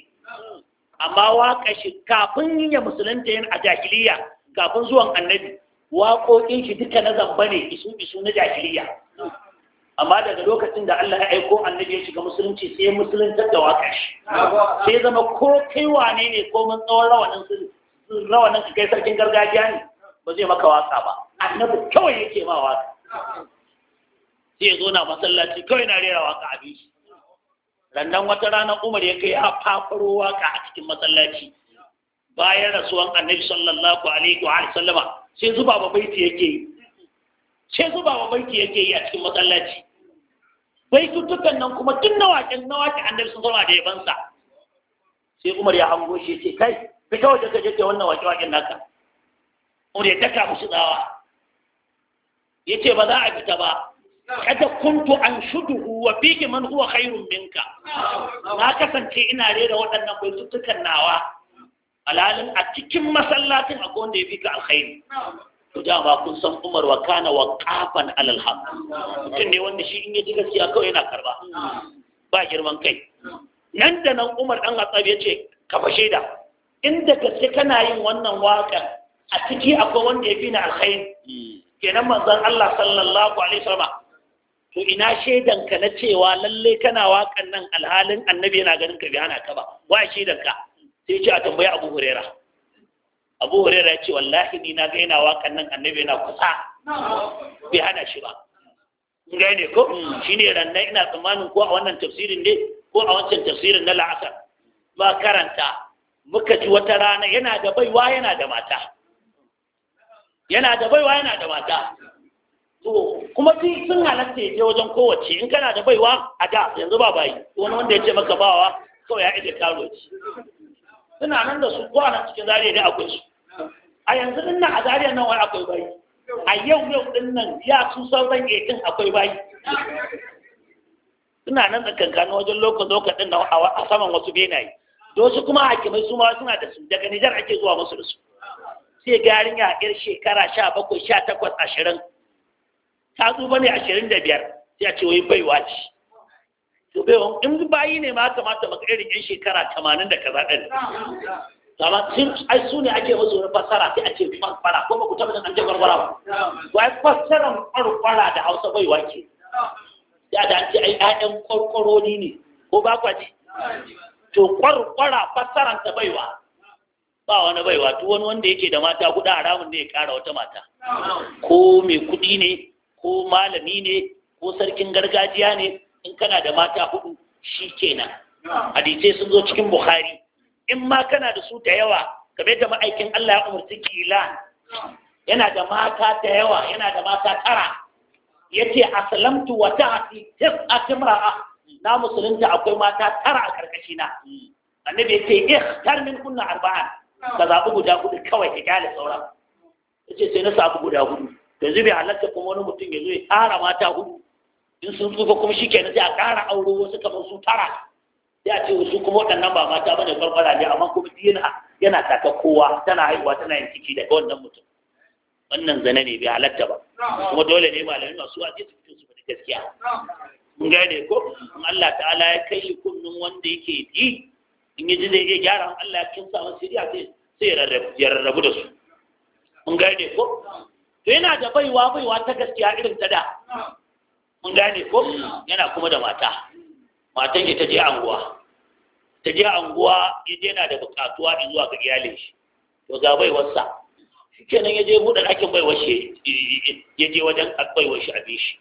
amma waka shi kafin ya musulunta yin a jahiliya kafin zuwan annabi waƙoƙin shi duka na zamba ne isu isu na jahiliya amma daga lokacin da Allah ya aiko annabi ya shiga musulunci sai ya musuluntar da wakashi. shi sai zama ko kai wane ne ko mun tsawon rawanin rawanin kai sarkin gargajiya ne ba zai maka waka ba annabi kawai yake ma waka. sai ya zo na masallaci kawai na rera waka a shi rannan wata rana umar ya kai ya fafaro waka a cikin masallaci bayan rasuwan annabi sallallahu alaihi wa sallama sai zuba ba baiti yake yi sai zuba ba baiti yake yi a cikin masallaci baitutukan nan kuma tun na nawakin annabi sun zama da yabansa sai umar ya hango shi ce kai fita waje ka je wannan waƙe-waƙen naka umar ya daka musu tsawa ya ce ba za a fita ba kada kuntu an shudu wa bihi man huwa khairun minka na kasance ina rera waɗannan baitutukan nawa alalin a cikin masallacin akwai wanda ya fi ka alkhairi to dama kun san Umar wa kana wa kafan alal haq mutum ne wanda shi in ya ji gaskiya kawai yana karba ba girman kai nan da nan Umar dan Hattab ya ce ka fashe da inda gaske kana yin wannan waƙar a ciki akwai wanda ya fi na alkhairi kenan manzon Allah sallallahu alaihi wasallam to ina shaidanka na cewa lalle kana waƙan nan alhalin annabi yana ganin ka biyana ka ba wa shaidanka sai ce a tambaya abu hurera abu hurera ya ce wallahi ni na ga yana waƙan nan annabi yana kusa bai hana shi ba In ne ko shi ne rannan ina tsammanin ko a wannan tafsirin ne ko a wancan tafsirin na la'asar ba karanta muka ji wata rana yana da baiwa yana da mata yana da baiwa yana da mata to kuma ji sun halatta ya je wajen kowace in kana da baiwa a da yanzu ba bayi wani wanda ya ce maka bawa kawai ya ije karo ci suna nan da su ko nan cikin zariya ne akwai su a yanzu din nan a zariya nan wani akwai bayi a yau yau din nan ya su sauran ekin akwai bayi suna nan kankano wajen lokacin din nan a saman wasu benaye dosu kuma hakimai su ma suna da su daga nijar ake zuwa musu da su sai garin ya yar shekara sha bakwai sha takwas ashirin ta tsuba ne ashirin da biyar sai a ce wai baiwa ce to baiwa in bayi ne ma kamata maka irin yan shekara tamanin da kaza ɗin amma ai su ne ake wasu wani fasara sai a ce farfara ko ku tabbatar an ce farfara ba to ai fasaran farfara da hausa baiwa ke ya da ce ai ƴaƴan kwarkwaroni ne ko ba kwa ji to ƙwarƙwara fasaran ta baiwa ba wani baiwa duk wani wanda yake da mata guda ramin ne ya kara wata mata ko mai kuɗi ne ko malami ne ko sarkin gargajiya ne in kana da mata hudu shi kenan hadisai sun zo cikin bukhari in ma kana da su da yawa kamar da ma'aikin Allah ya umarci kila yana da mata da yawa yana da mata tara yace aslamtu wa ta'ati tis'at na musulunta akwai mata tara a karkashi na annabi yace ikhtar min kunna arba'a ka zaɓi guda hudu kawai ka kyale sauran yace sai na sabu guda hudu yanzu bai halatta kuma wani mutum ya zo ya ƙara mata hudu in sun tsufa kuma shi kenan sai a ƙara aure wasu kamar su tara sai a ce wasu kuma waɗannan ba mata ba ne farfara ne amma kuma yana yana taka kowa tana haihuwa tana yin ciki daga wannan mutum wannan zane ne bai halatta ba kuma dole ne malamai masu waje su fito su faɗi gaskiya mun gane ko in Allah ta'ala ya kai shi kunnun wanda yake yi in ya ji zai iya gyara Allah ya kinsa masa shirya sai sai ya rarrabu da su mun gane ko yana da baiwa baiwa ta gaskiya irin ta da mun gane ko yana kuma da mata matan ita je anguwa ta je anguwa ya je yana da bukatuwa in zuwa ga iyalin shi to ga sa shikenan ya je buɗe ɗakin baiwar shi ya je wajen baiwar shi abin shi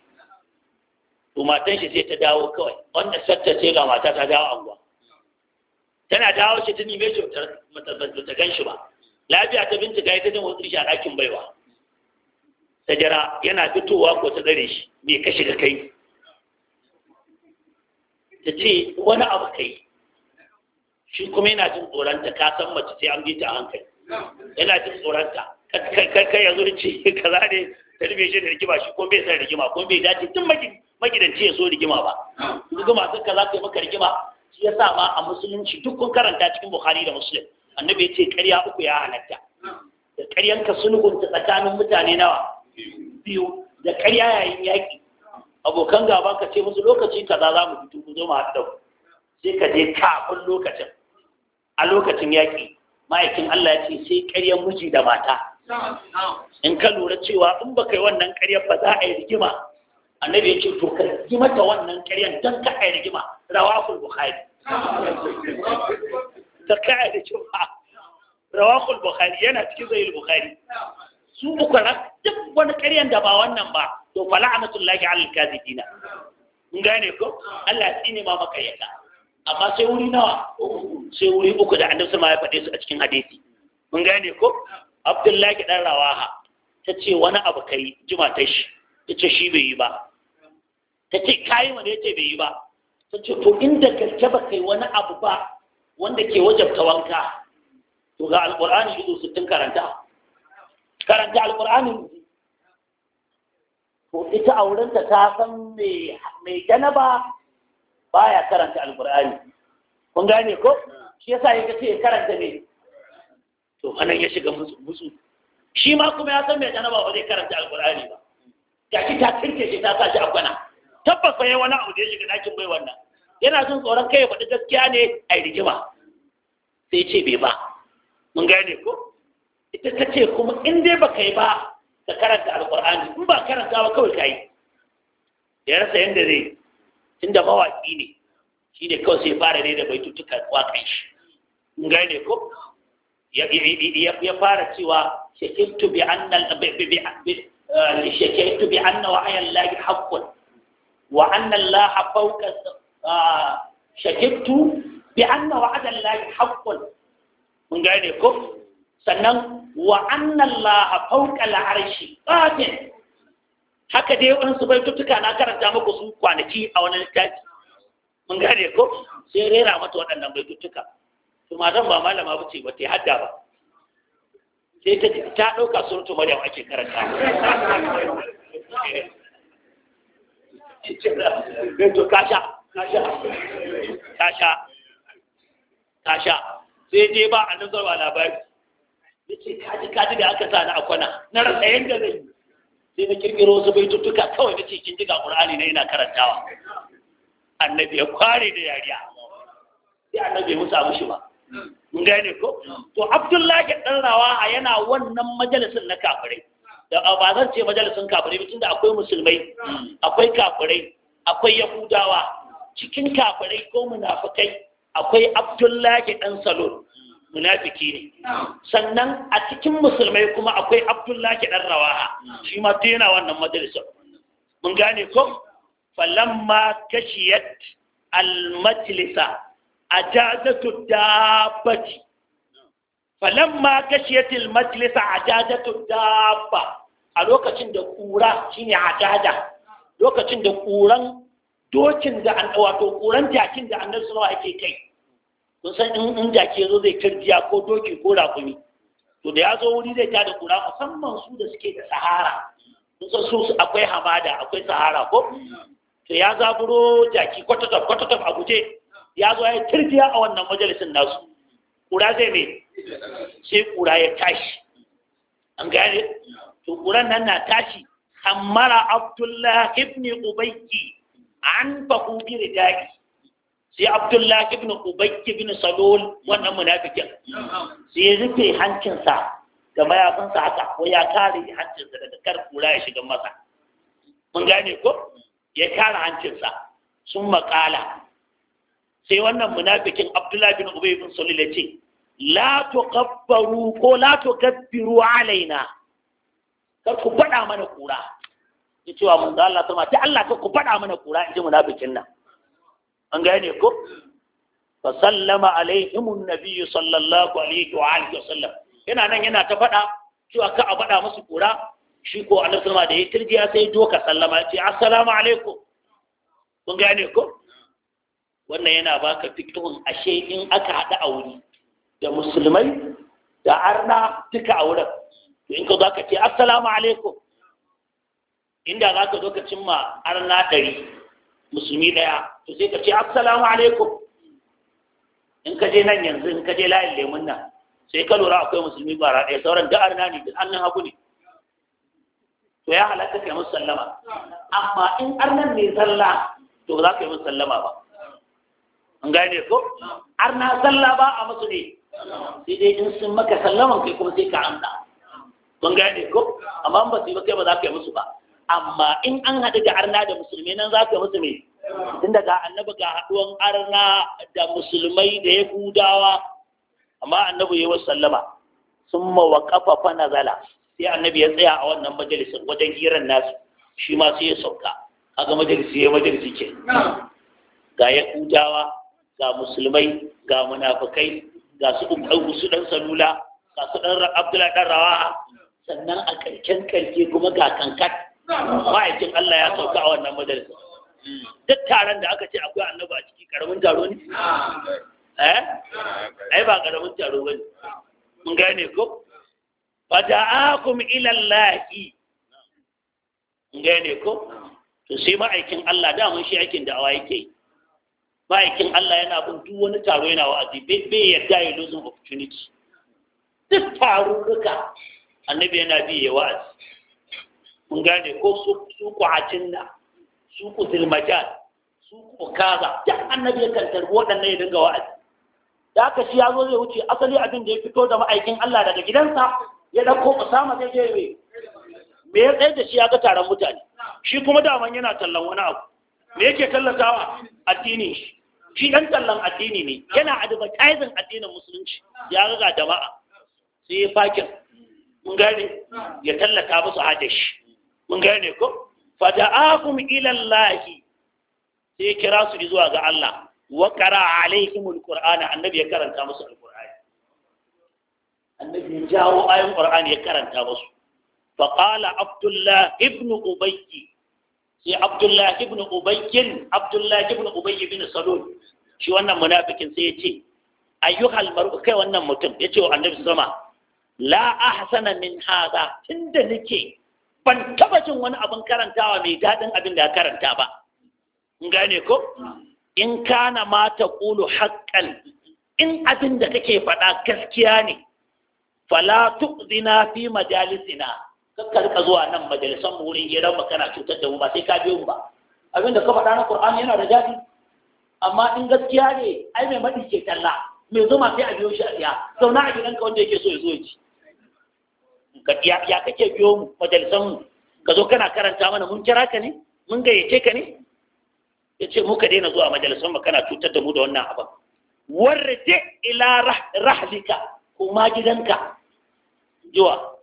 to matan shi sai ta dawo kawai wannan sattar sai ga mata ta dawo anguwa tana dawo shi ta nime shi ba ta gan shi ba lafiya ta Binta ga ita jin wasu shi a ɗakin baiwa Tajara yana fitowa ko ta tsare shi me ka shiga kai ta ce wani abu kai shi kuma yana jin tsoronta ka san mace sai an ta hankali yana jin tsoronta kai yanzu ce kaza ne ta rufe shi da rigima shi ko bai san rigima ko bai dace tun magidanci ya so rigima ba rigima sun kaza yi maka rigima shi ya sa ma a musulunci duk kun karanta cikin buhari da musulun. annabi ya ce karya uku ya halatta da karyanka sulhunta tsakanin mutane nawa biyu da karya yayin yaƙi abokan gaba ka ce musu lokaci kaza za mu fito mu zo mu haɗu sai ka je kafin lokacin a lokacin yaƙi ma'aikin Allah ya ce sai ƙaryar miji da mata in ka lura cewa in baka yi wannan ƙaryar ba za a yi rigima annabi ya ce to ka rigima ta wannan ƙaryar don ka a yi rigima rawakul bukhari ta kai a yi rigima rawakul bukhari yana cikin zai bukhari su uku ra duk wani ƙaryan da ba wannan ba to fa la'natullahi alal kadhibina mun gane ko Allah ne ma maka yadda. amma sai wuri nawa sai wuri uku da annabi sama ya faɗe su a cikin hadisi mun gane ko Abdullahi dan Rawaha ta ce wani abu kai juma ta shi ta ce shi bai yi ba ta ce kayi ne yace bai yi ba ta ce to inda gaske ba kai wani abu ba wanda ke wajabta wanka to ga alqur'ani shi su tun karanta karanta alƙur'anin ko ita aurenta ta san mai janaba baya karanta alƙur'ani kun gane ko shi yasa yake ce karanta ne to anan ya shiga musu shi ma kuma ya san mai janaba ba zai karanta alƙur'ani ba shi ta kirke shi ta sashi shi a kwana tabbas sai wani abu da ya shiga dakin bai wannan yana jin tsoron kai ya faɗi gaskiya ne a rigima sai ce bai ba mun gane ko ita ta ce kuma in dai ba ka yi ba ka karanta alƙur'ani in ba karanta ba kawai ka yi ya rasa yadda zai tun da mawaƙi ne shi ne kawai sai fara ne da baitutukan waƙan shi in gane ko ya fara cewa shakiltu bi annal eh, shakiltu bi anna wa ayan lahi haqqun wa anna allaha fawqa ah, shakiltu bi anna wa adan haqqun mun gane ko sannan wa annallaha fawqa al'arshi qadir haka dai bai tutuka na karanta muku su kwanaki a wani littafi mun gane ko sai rera mata waɗannan bai tutuka. to zan ba malama ba ce ba ta hadda ba sai ta ta ɗauka suratu maryam ake karanta eh, to kasha kasha kasha kasha sai je ba zarwa labari ya ce kaji kaji da aka sa ni a kwana na rasa yadda zai yi sai na kirkiro wasu baituttuka kawai na cikin jiga ƙur'ani na ina karantawa annabi ya kware da yariya sai annabi ya musa mushi ba mun gane ko to abdullahi dan rawa a yana wannan majalisin na kafirai da ba zan ce majalisin kafirai da akwai musulmai akwai kafirai akwai yahudawa cikin kafirai ko munafukai, akwai abdullahi dan salon munafiki ne sannan a cikin musulmai kuma akwai abdullahi dan rawaha shi ma ta yana wannan majalisar mun gane ko falamma kashiyat almajlisa ajazatu dabati falamma kashiyat almajlisa ajazatu dabba a lokacin da kura shine ajaja lokacin da kuran dokin da an wato kuran jakin da annabi sallallahu alaihi wasallam yake kai kun san in in jaki yazo zai karjiya ko doki ko rakumi to da ya zo wuri zai tada kura musamman su da suke da sahara kun san su akwai hamada akwai sahara ko to ya zaburo jaki kwatatab kwatatab a guje ya zo ya tarjiya a wannan majalisin nasu kura zai me sai kura ya tashi an gane to kuran nan na tashi hammara abdullahi ibn ubayyi an fahu bi rijali sai abdullahi ibn ubay ibn salul wannan munafikin sai ya rufe hancinsa da mayafinsa haka ko ya kare hancinsa daga kar kura ya shiga masa mun gane ko ya kare hancinsa sun makala sai wannan munafikin abdullahi bin ubay bin ya ce la tuqabbaru ko la tuqabbiru alaina kar ku faɗa mana kura ya cewa mun da Allah ta ta Allah ka ku faɗa mana kura in ji munafikin nan an gane ko fa sallama alaihimun nabiyyu sallallahu alaihi wa alihi wasallam yana nan yana ta faɗa cewa ka a faɗa musu kura shi ko annabi sallama da ya tirjiya sai doka sallama ya ce assalamu alaikum kun gane ko wannan yana baka fikihun ashe in aka haɗa aure da musulmai da arna duka a to in ka zo ka ce assalamu alaikum inda za ka zo ka cimma arna ɗari musulmi ɗaya to sai ka ce assalamu alaikum in ka je nan yanzu in ka je layin lemun nan sai ka lura akwai musulmi bara ɗaya sauran da arna ne duk annan haku ne to ya halatta kai musu sallama amma in arnan ne zalla to ba za ka yi musu sallama ba an gane ko arna zalla ba a musu ne sai dai in sun maka sallaman kai kuma sai ka amsa kun gane ko amma ba su yi ba kai ba za ka yi musu ba amma in an haɗu da arna da musulmi nan za ka yi musu mai tunda ga annabi ga haduwan arna da musulmai da ya gudawa, amma annabi ya sallama wa waqafa fa zala, sai annabi ya tsaya a wannan majalisar wajen hirar nasu shi ma sai ya sauka kaga majalisi ya majalisi ke ga ya gudawa, ga musulmai ga munafukai, ga su ubu su dan salula ga su dan abdullahi dan rawaha sannan a karken karke kuma ga kankat ma'aikin Allah ya sauka a wannan majalisar. duk taron da aka ce akwai annaba a ciki karamin taro ne eh ai ba karamin taro bane mun gane ko fada'akum ila llahi mun gane ko to sai ma'aikin Allah damun shi aikin da awa yake ma'aikin Allah yana bin duk wani taro yana wa'azi bai yadda ya lose opportunity duk taro duka annabi yana bi ya wa'azi mun gane ko su kwacin na suku zilmajan suku kaza duk annabi ya kantar waɗannan ya dinga wa'azi da aka shi ya zo zai wuce asali abin da ya fito da ma'aikin Allah daga gidansa ya ɗauko Usama zai je me me ya tsaye da shi ya ga taron mutane shi kuma daman yana tallan wani abu me yake tallatawa addini shi shi ɗan tallan addini ne yana advertising addinin musulunci ya riga jama'a sai ya fakin mun gane ya tallata musu hajjar shi mun gane ko fada'ahum ila Allah sai kira su zuwa ga Allah wa qara alaihim alqur'ana annabi ya karanta musu alqur'ani annabi ya jawo ayin qur'ani ya karanta musu fa qala abdullah ibn ubay sai abdullah ibn ubay abdullah ibn ubay ibn salul shi wannan munafikin ya ce ayyuhal mar'u kai wannan mutum yace wa annabi sama la ahsana min hada nake ban taba jin wani abin karantawa mai daɗin abin da ya karanta ba gane ko in kana ma ta ƙulu haƙƙan in abin da kake faɗa gaskiya ne fala tu'zina fi majalisina kakkar rika zuwa nan majalisan wurin gidan ba kana cutar da mu ba sai ka biyo mu ba abin da ka faɗa na Qur'ani yana da daɗi amma in gaskiya ne ai mai madi ke talla mai zuma sai a biyo shi a biya. Sau na a gidanka wanda yake so ya zo ya ci ya kake biyo mu majalisan mu ka zo kana karanta mana mun kira ka ne mun gayyace ka ne ya ce muka daina zuwa majalisan mu kana cutar da mu da wannan abin warje ila rahlika kuma gidanka jiwa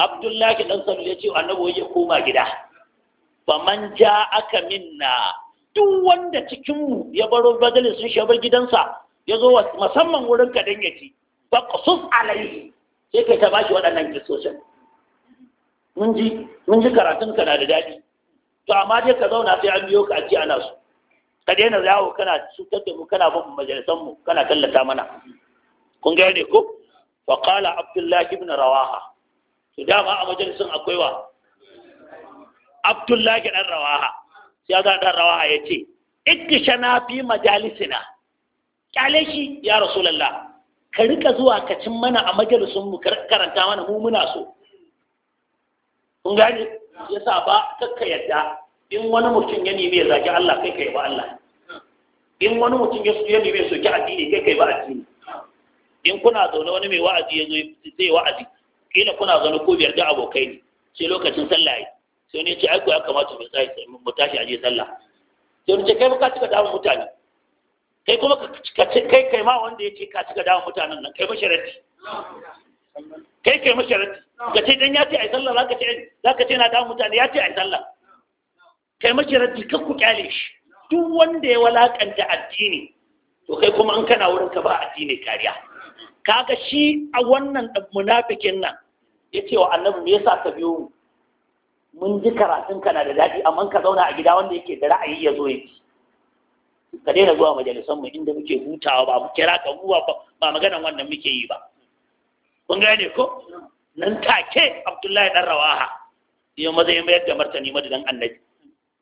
abdullahi dan sanu ya ce annabi ya koma gida man ja aka minna duk wanda cikinmu ya baro bajali sun shabar gidansa ya zo musamman wurin ka dan yaci ba kusus alaihi sai kai ta bashi waɗannan kisoshin mun ji mun ji karatun ka na da daɗi to amma dai ka zauna sai an biyo ka aji ana su ka daina yawo kana cutar da mu kana bin majalisan mu kana tallata mana kun ga ne ko wa qala abdullah ibn rawaha to dama a majalisin akwai wa abdullah dan rawaha sai ga dan rawaha yace ikkishana fi majalisina kyale shi ya rasulullah ka rika zuwa ka cin mana a majalisun mu karanta mana mu muna so kun ya yasa ba kakka yadda in wani mutum ya nemi ya zaki Allah kai kai ba Allah in wani mutum ya ya nemi ya soki addini kai kai ba addini in kuna zaune wani mai wa'azi ya zo zai wa'azi kila kuna zaune ko biyar da abokai ne sai lokacin sallah yi sai ne ce ai ya kamata mu tashi mu tashi aje sallah sai ne ce kai ba ka cika damun mutane kai kuma ka kai kai ma wanda yake ka cika gada mutanen nan kai masharati kai kai masharati ka ce dan ya ce ai sallah zaka ce zaka ce na da mutane ya ce ai sallah kai masharati ka ku kyale shi duk wanda ya walakanta addini to kai kuma in kana wurin ka ba addini kariya kaga shi a wannan munafikin nan yace wa annabi me yasa ka biyo mu mun ji karatun kana da dadi amma ka zauna a gida wanda yake da ra'ayi ya zo yake ka daina zuwa majalisan mu inda muke hutawa ba mu kira ka ruwa ba ba maganan wannan muke yi ba kun gane ko nan take Abdullahi dan Rawaha ya maza ya mayar da martani madidan annabi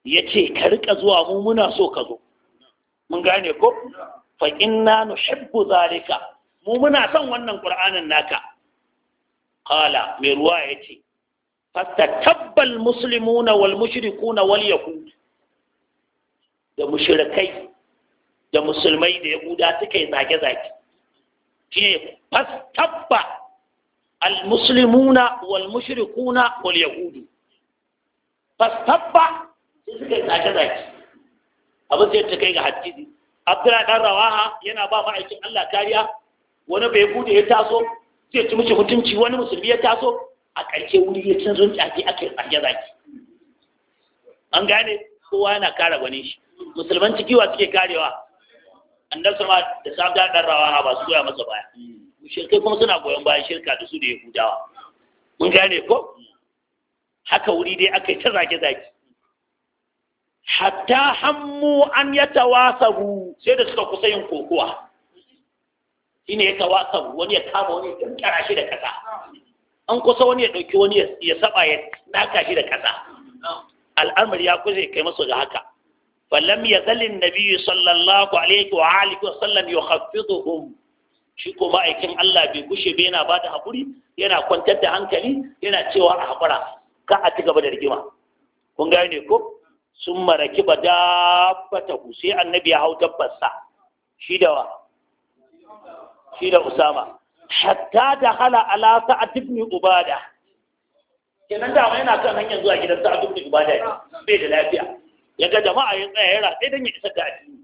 yace ka rika zuwa mu muna so ka zo mun gane ko fa inna nuhibbu zalika mu muna son wannan qur'anin naka qala mai ruwa yace fastatabbal muslimuna wal mushrikuna wal yahud da mushrikai da musulmai da yahuda suka yi zage-zage ke fastabba al-musulmuna wal mushrikuna wal yahudu fastabba sai suka yi zage-zage abin sai ta kai ga hadisi abdullahi rawaha yana ba ma'aikin Allah kariya wani bai bude ya taso sai ci mishi mutunci wani musulmi ya taso a ƙarshe wuri ya cin runcafi aka yi zage zaki an gane kowa yana kare gwanin shi musulman cikiwa suke karewa annal sama da sabda dan rawa ba su goya masa baya shirka kuma suna goyon bayan shirka da su da yahudawa mun gane ko haka wuri dai aka yi ta zage-zage hatta hammu an ya tawasaru sai da suka kusa yin kokowa shi ya tawasabu wani ya kama wani ya kankara shi da kasa an kusa wani ya ɗauki wani ya saba ya naka shi da kasa al'amari ya kusa kai masa da haka falam ya zalin nabi sallallahu alaihi wa alihi wa sallam yukhaffiduhum shi ko ma'aikin Allah bai gushe bai yana bada haƙuri, yana kwantar da hankali yana cewa a haƙura. ka a ci gaba da rigima kun gane ko sun maraki ba dabbata ku sai annabi ya hau dabbarsa shi da wa shi da usama hatta da hala ala sa'ad ibn ubada kenan da yana kan hanyar zuwa gidan sa'ad ibn ubada ne bai da lafiya Yaga jama'a ya tsaya ya ratse don ya isa ga addini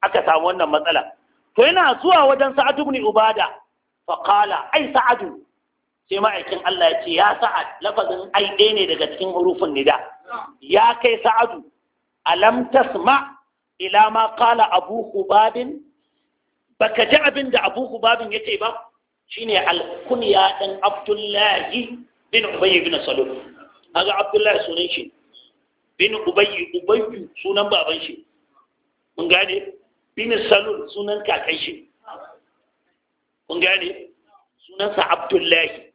aka samu wannan matsala to yana zuwa wajen sa'adu ibn ubada fa qala ai sa'adu sai ma'aikin Allah ya ce ya sa'ad lafazin ai ne daga cikin hurufin nida ya kai sa'adu alam tasma ila ma qala abu hubabin baka ji abin da abu hubabin yace ba shine alkunya dan abdullahi bin ubay bin salul kaga abdullahi sunan shi bin ubayyu ubayyu sunan baban shi mun gane bin salul sunan kakan shi mun gane sunansa abdullahi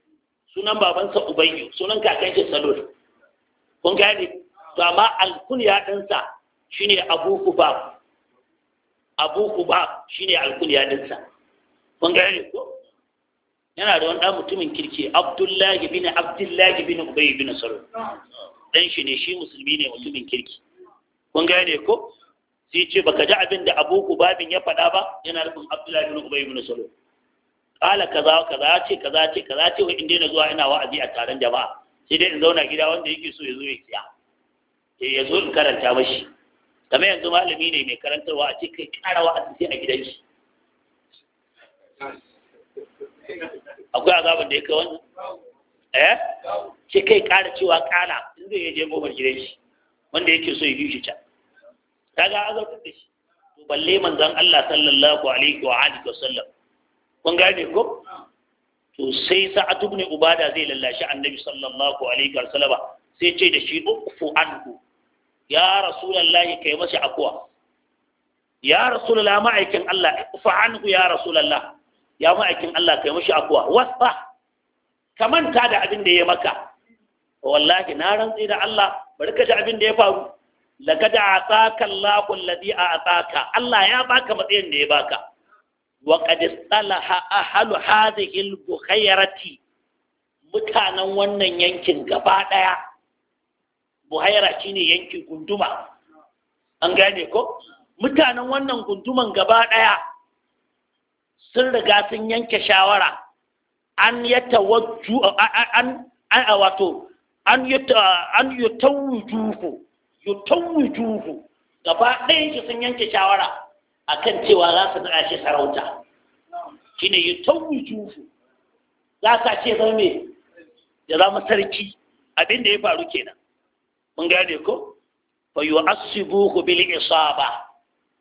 sunan babansa ubayyu sunan kakan shi salul kun gane to amma alkunya sa shine abu kubab abu kubab shine alkunya sa kun gane ko yana da wani mutumin kirki abdullahi bin abdullahi bin ubay bin salul dan shi ne shi musulmi ne mutumin kirki kun ne, ko sai ce baka ji abin da Abu Kubabin ya faɗa ba yana rubun Abdullahi bin Ubay bin Salul kala kaza kaza ce kaza ce kaza ce wai in daina zuwa ina wa'azi a taron jama'a sai dai in zauna gida wanda yake so ya zo ya Eh ya zo in karanta mashi kamar yanzu malami ne mai karantarwa a ce kai kara wa'azi sai a gidan shi akwai azabin da ya kai wannan eh sai kai ƙara cewa kana in zai je gobar gidan shi wanda yake so ya bi shi can kaga azabtar da shi to balle manzon Allah sallallahu alaihi wa alihi wasallam kun gane ko to sai sa'atu ibn ubada zai lallashi annabi sallallahu alaihi wa sallama sai ce da shi ukfu anhu ya rasulullahi kai masa akwa ya rasulullah ma'aikin Allah ukfu anhu ya rasulullah ya ma'aikin Allah kai mashi akwa wasa ka manta da abin da ya maka wallahi na rantsi da Allah bari ka ji abin da ya faru laqad asaka Allahu alladhi ataka Allah ya baka matsayin da ya baka wa qad salaha ahlu hadhihi al-bukhayrati mutanen wannan yankin gaba daya buhaira shine yankin gunduma an gane ko mutanen wannan gunduman gaba daya sun riga sun yanke shawara an ya tawajju an an wato an ya an ya ya tawjuhu gaba ɗayan shi sun yanke shawara akan cewa za su naɗa shi sarauta shine ya tawjuhu za ka ce zama me ya zama sarki abinda ya faru kenan mun gane ko fa yu'assibuhu bil isaba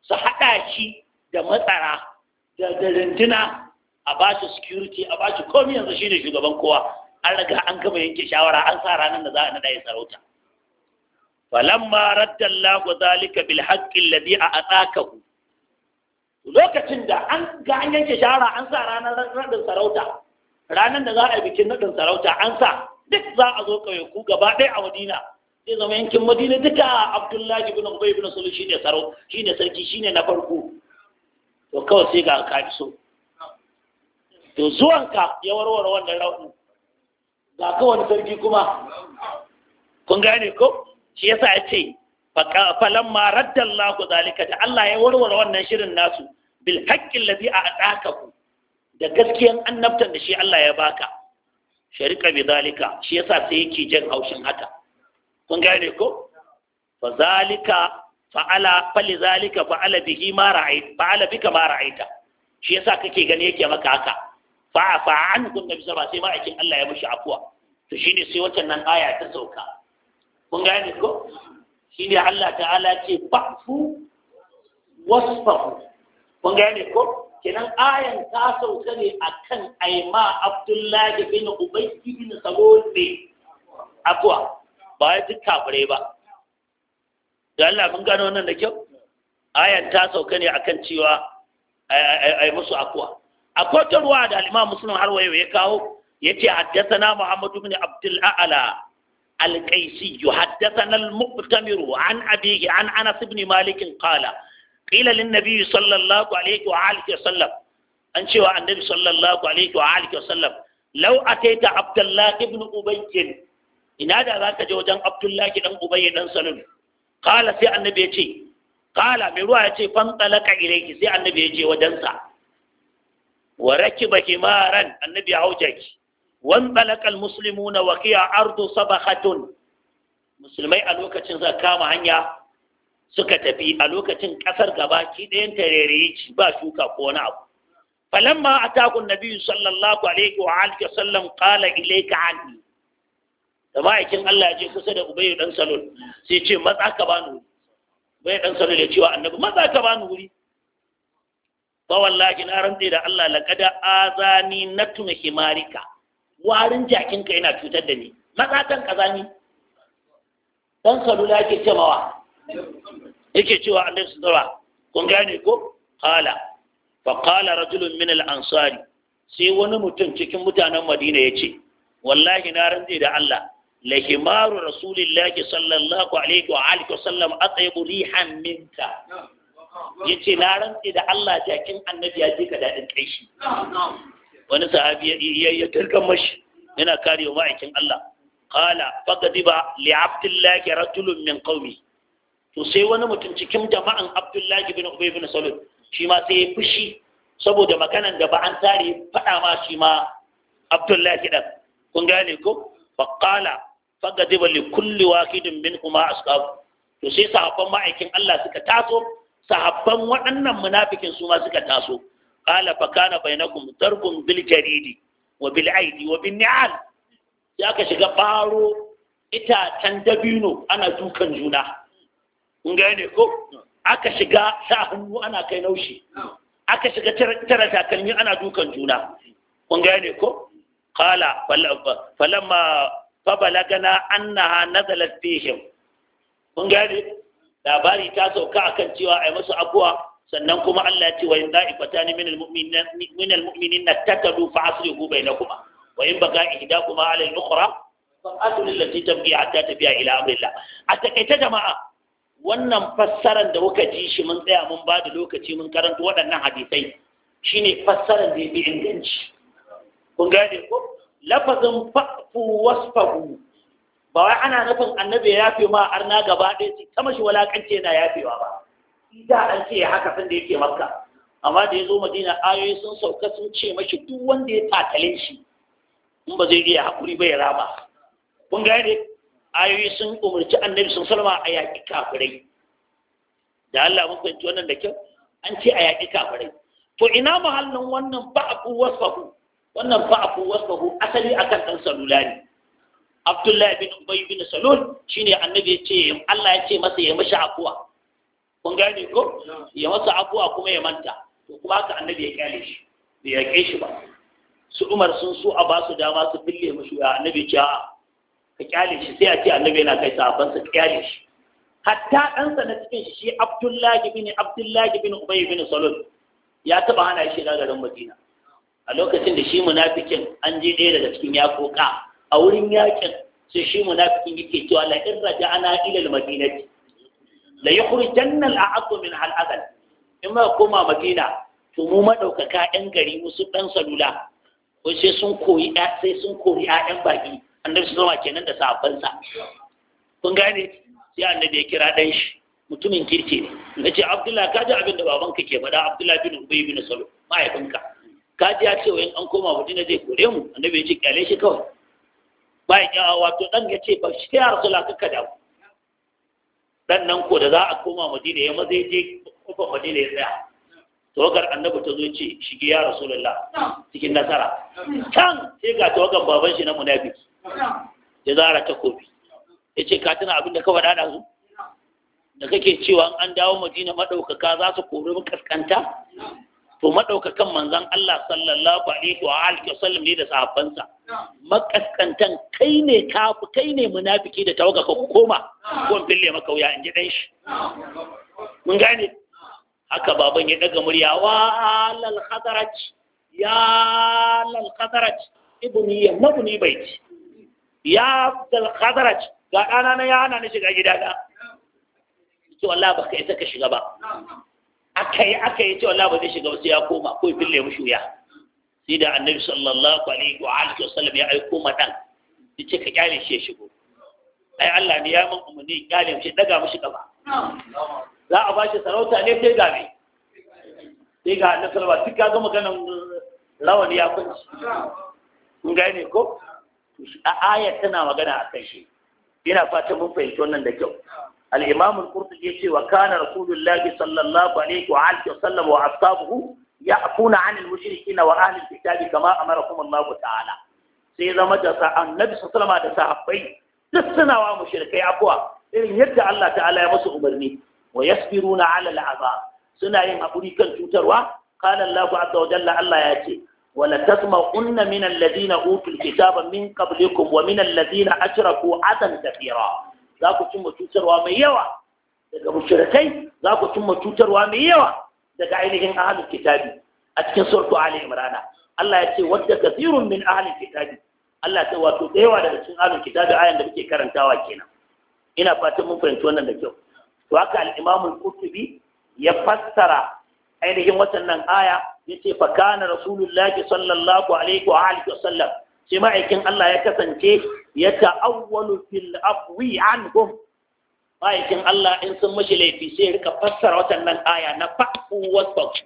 su haɗa shi da matsara da rinduna a ba shi security a ba shi komi yanzu shine shugaban kowa an riga an gama yanke shawara an sa ranar da za a nada ya sarauta falamma radda Allahu zalika bil haqqi alladhi a'taakahu lokacin da an ga an yanke shawara an sa ranar nadin sarauta ranar da za a yi bikin nadin sarauta an sa duk za a zo ku gaba ɗaya a Madina zai zama yankin Madina duka Abdullahi ibn Ubay ibn Salul shine sarau shine sarki shine na farko to kawai sai ga kafiso to zuwanka ya warware wannan raunin ga ka wani sarki kuma kun gane ko shi yasa ya ce falan ma raddan laku zalika da Allah ya warware wannan shirin nasu bil haƙƙin lafi a ɗaka ku da gaskiyan annabtan da shi Allah ya baka sharika bi zalika shi yasa sai yake jan haushin haka kun gane ko fa zalika fa'ala fali zalika fa'ala bihi ma ra'aita fa'ala bika ma ra'aita shi yasa kake gani yake maka haka fa fa an kun nabi sallallahu alaihi ba sai ma'aikin Allah ya mishi afuwa to shi ne sai wancan nan aya ta sauka kun gane ko ne Allah ta'ala ce fa'fu wasfahu kun gane ko kenan ayan ta sauka ne akan aima Abdullahi bin Ubay bin Salul ne afuwa ba ya ci kafirai ba da Allah mun gano wannan da kyau ayan ta sauka ne akan cewa ai musu afuwa akwai ta ruwa da al'imam muslim har wayo ya kawo ya ce haddasana muhammadu bin abdul a'ala alƙaisi yu haddasana al-muqtamiru an abihi an anas ibn malikin qala qila lin nabiy sallallahu alaihi wa alihi wa sallam an cewa annabi sallallahu alaihi wa alihi wa sallam law ataita abdullah ibn ubayy ina da zaka je wajen abdullahi dan ubayy dan salul qala sai annabi ya ce qala mai ruwa ya ce fan talaka ilayki sai annabi ya je sa. wa Baki, Maran, annabi ya hau jaki wan balakal muslimuna wa qiya ardu sabahatun musulmai a lokacin za kama hanya suka tafi a lokacin ƙasar gaba ki ɗayan tarere ci ba shuka ko wani abu falamma ataku nabiyyu sallallahu alaihi wa alihi wasallam qala ilayka anni da ma'aikin Allah ya je da sai ce ya ce ka bani wuri ba wallahi na rantse da Allah laqada azani na tuna himarika warin jakinka yana cutar da ni matsatan kazani dan salula yake cewa yake cewa Allah su tsara kun gane ko qala fa qala rajulun min al-ansari sai wani mutum cikin mutanen Madina yace wallahi na rantse da Allah la himaru rasulillahi sallallahu alaihi wa alihi wa sallam ataybu rihan minka ya ce na rantse da Allah jakin annabi ya je ka daɗin kai shi wani sahabi ya turka mashi yana kare wa ma'aikin Allah qala ba li abdullahi ratulun min qaumi to sai wani mutum cikin jama'an abdullahi bin ubay bin salul shi ma sai ya fushi saboda maganan da ba an tare faɗa ma shi ma abdullahi dan kun gane ko faqala faqadiba li kulli wahidin minhuma ashabu to sai sahabban ma'aikin Allah suka taso sahabban waɗannan munafikin su ma suka taso qala fa kana bainakum darbun bil jaridi wa bil aidi wa bin ni'al sai aka shiga baro itacen dabino ana dukan juna kun ne ko aka shiga sa hannu ana kai naushi aka shiga tara takalmi ana dukan juna kun ne ko qala falamma fabalagana annaha nazalat fihim kun ne. labari ta sauka akan cewa ai musu abuwa sannan kuma Allah ya ce wa in da'ifatan min almu'minina min almu'minina tatadu fa aslihu bainakuma wa in baga ihdakuma ala al-ukhra fa atul allati tabghi hatta tabi'a ila amrillah a takaita jama'a wannan fassaran da kuka ji shi mun tsaya mun ba da lokaci mun karanta waɗannan hadisai shine fassaran da ya bi inganci kun gane ko lafazin fa'fu wasfahu ba wai ana nufin annabi ya yafe ma arna gaba ɗaya ce ta mashi walakance na yafewa ba da an ce haka sun da yake makka amma da ya zo madina ayoyi sun sauka sun ce mashi duk wanda ya tatale shi in ba zai iya haƙuri ba ya rama kun ne, ayoyi sun umarci annabi sun salma a yaƙi kafirai da Allah mun fahimci wannan da kyau an ce a yaƙi kafirai to ina muhallin wannan ba'afu wasfahu wannan ba'afu wasfahu asali akan ɗan salula ne Abdullahi bin Ubay bin Salul shine annabi ya ce Allah ya ce masa ya mashi afuwa kun gane ko ya masa afuwa kuma ya manta to kuma haka annabi ya kyale shi bai yaƙe shi ba su Umar sun so a ba su dama su fille mashi ya annabi ce ka kyale shi sai a ce annabi yana kai sahabban sa kyale shi hatta ɗansa na cikin shi shi Abdullahi bin Abdullahi bin Ubay bin Salul ya taba hana shi garin Madina a lokacin da shi munafikin an je ɗaya daga cikin yakoka. koka a wurin yakin sai shi munafikin yake cewa la in ana ila al-madinati la yukhrijanna al-a'addu min al-adl in ma koma madina to mu madaukaka ɗan gari musu ɗan salula ko sai sun koyi sai sun koyi ɗan baki annabi su zama kenan da sa. kun gane sai annabi ya kira ɗan shi mutumin kirki ne na ce abdullahi ka ji abin da babanka ke faɗa abdullahi bin ubay bin salul mahaifinka ka ji ya ce wa an koma madina zai kore mu annabi ya ce kyale shi kawai bai wato dan ya ce ba shi ya rasu ka da dan nan ko da za a koma madina ya maza ya je kofar madina ya tsaya tawagar annabi ta zo ce shige ya rasulullah cikin nasara can sai ga tawagar baban shi na munafiki ya zara takobi ya ce ka tuna abin da ka faɗa da da kake cewa an dawo madina maɗaukaka za su kori kaskanta to madaukakan manzon Allah sallallahu alaihi wa alihi sallam ne da sahabbansa makaskantan kai ne kafu kai ne munafiki da tawaga ka koma gon fille maka wuya in ji dan shi mun gane haka baban ya daga murya wa lal khadaraj ya lal khadaraj ibni ya mabni baiti ya lal khadaraj ga dana na ya hana ni shiga gidana to Allah baka isa ka shiga ba aka yi aka yi ce wallahi ba zai shiga ba sai ya koma ko ya fille mushi wuya sai da annabi sallallahu alaihi wa alihi sallam ya aiko madan dan ya ce ka kyale shi ya shigo ai Allah ne ya mun umarni kyale shi daga mushi gaba za a bashi sarauta ne sai ga me sai ga annabi sallallahu alaihi ga maganan rawani ya kunci kun gane ko a ayat tana magana akan shi ina fatan mun fahimci wannan da kyau al-imam al-qurtubi yace wa kana rasulullahi sallallahu alaihi wa alihi wa sallam wa ashabuhu ya'funa 'anil mushrikin wa ahli al-kitabi kama amarakum Allah ta'ala sai zama da sa annabi sallallahu alaihi da sahabbai duk wa mushrikai afwa irin yadda Allah ta'ala ya masu umarni wa na 'ala al-'adab suna yin hakuri kan cutarwa qala Allah azza wa jalla Allah ya ce ولا تسمعن من الذين أوتوا الكتاب من قبلكم ومن الذين ko عدا كثيرا za ku cimma cutarwa mai yawa daga mushrikai za ku cimma cutarwa mai yawa daga ainihin ahlul kitabi a cikin surtu ali imrana Allah ya ce wadda kathirun min ahlul kitabi Allah ta wato da yawa daga cikin ahlul kitabi ayan da muke karantawa kenan ina fatan mun fahimci wannan da kyau to haka al-imamu al-qurtubi ya fassara ainihin nan aya yace fa kana rasulullahi sallallahu alaihi wa alihi wa sallam shi ma'aikin Allah ya kasance ya ta'awwalu fil afwi anhum ma'aikin Allah in sun mashi laifi sai rika fassara watannan aya na fa'u wasfaq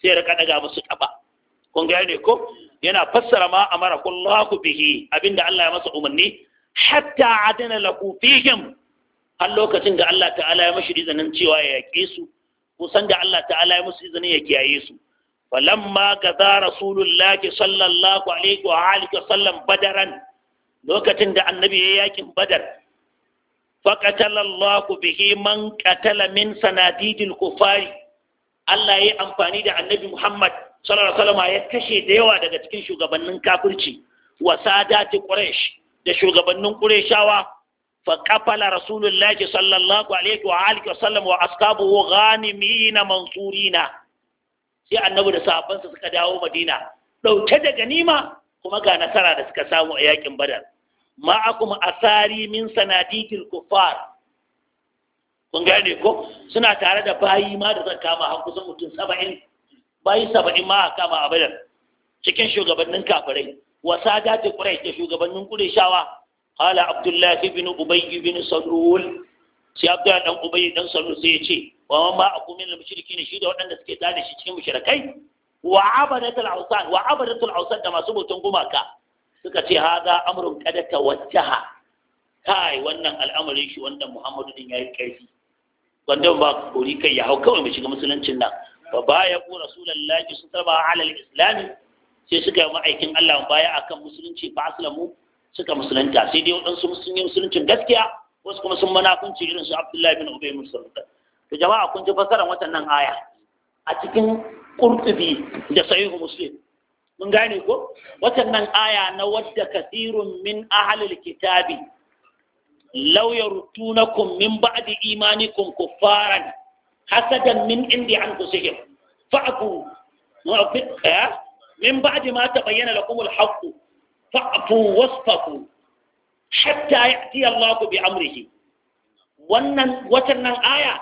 sai rika daga musu kaba kun ga ne ko yana fassara ma amara kullahu bihi abinda Allah ya masa umarni hatta adana lahu fihim har lokacin da Allah ta'ala ya mashi izinin cewa ya yaƙe su kusan da Allah ta'ala ya musu izinin ya kiyaye su falamma gaza rasulullahi sallallahu alaihi wa alihi wa sallam badaran lokacin da annabi ya yakin badar faqatalallahu bihi man qatala min sanadidil kufari Allah ya amfani da annabi Muhammad sallallahu alaihi wasallam ya kashe da yawa daga cikin shugabannin kafirci wa sadati quraish da shugabannin qurayshawa fa kafala rasulullahi sallallahu alaihi wa alihi wa sallam wa ashabuhu ghanimina mansurina sai annabi da sahabbansa suka dawo madina ɗauke da ganima kuma ga nasara da suka samu a yakin badar ma'akum asari min sanadikil kufar kun gane ko suna tare da bayi ma da zan kama har kusan mutum saba'in bayi saba'in ma a kama a badar cikin shugabannin kafirai wasa sadati quraish da shugabannin kureshawa qala abdullahi ibn ubay ibn salul sai abdullahi dan idan dan salul sai ya ce wa ma ba a min mushrikin shi da waɗanda suke tare da shi cikin mushrikai wa abadatul awsan wa abadatul awsan da masu butun gumaka suka ce hada amrun kada Ta kai wannan al'amarin shi wanda muhammadu din yayi karfi wanda ba kori kai ya hau kawai mu shiga musuluncin nan fa baya ku rasulullahi sallallahu alaihi wasallam ala sai suka yi ma'aikin Allah baya akan musulunci fa aslamu suka musulunta sai dai waɗansu sun yi musuluncin gaskiya wasu kuma sun munafunci irin su Abdullahi bin Ubay bin Salul to jama'a kun ji fasaran watannan aya a cikin Qurtubi da Sahih Muslim mun gane ko watannan aya na wadda kathirun min ahlil kitabi law yarutunakum min ba'di imanikum kuffaran hasadan min indi anfusihim fa'fu min ba'di ma tabayyana lakum al-haqq fa'fu wasfaku hatta ya'ti Allah bi amrihi wannan watan nan aya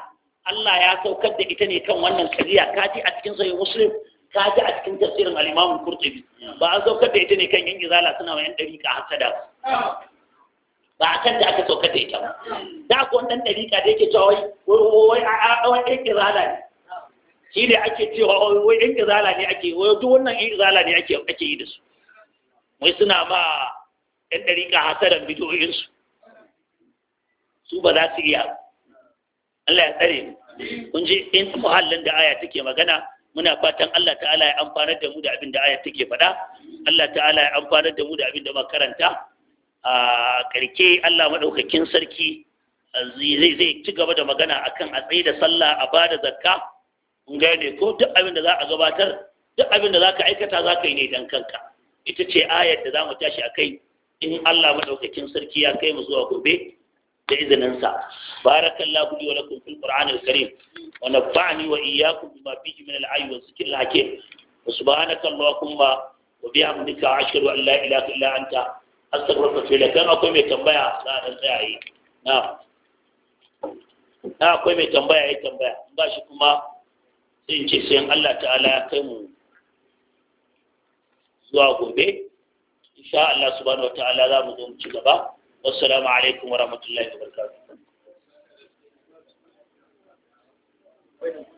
Allah ya saukar da ita ne kan wannan kariya kaji a cikin sahih muslim kaji a cikin tafsirin al-imam qurtubi ba an saukar da ita ne kan yan izala suna wa yan dariqa hasada ba a kan aka saukar da ita ba da ko wannan dariqa da yake cewa wai wai a wai yan izala ne shi ne ake cewa wai yan izala ne ake wai duk wannan yan izala ne ake ake yi da su wai suna ba. ɗan ɗariƙa da bidiyoyinsu su ba za su iya Allah ya tsare kun ji in muhallin da aya take magana muna fatan Allah ta'ala ya amfana da mu da abin da aya take faɗa Allah ta'ala ya amfana da mu da abin da makaranta a karke Allah maɗaukakin sarki zai ci gaba da magana akan a tsaye da sallah a ba da zakka kun gane ko duk abin da za a gabatar duk abin da za ka aikata za ka yi ne dan kanka ita ce ayar da za mu tashi a kai in Allah madaukakin sarki ya kai mu zuwa gobe da izinin sa barakallahu li wa lakum fil al karim wa nafa'ani wa iyyakum bima fihi min al-ayyi wa zikril hakim allahumma wa bihamdika ashhadu an la ilaha illa anta astaghfiruka وأتوب إليك كان akwai mai tambaya dan tsayi na na akwai mai tambaya ya tambaya in ba shi kuma sai in ce sai Allah ta'ala ya kai mu zuwa gobe insha Allah subhanahu wataala za mu zo mu ci gaba wassalamu alaikum wa rahmatullahi wa barakatuh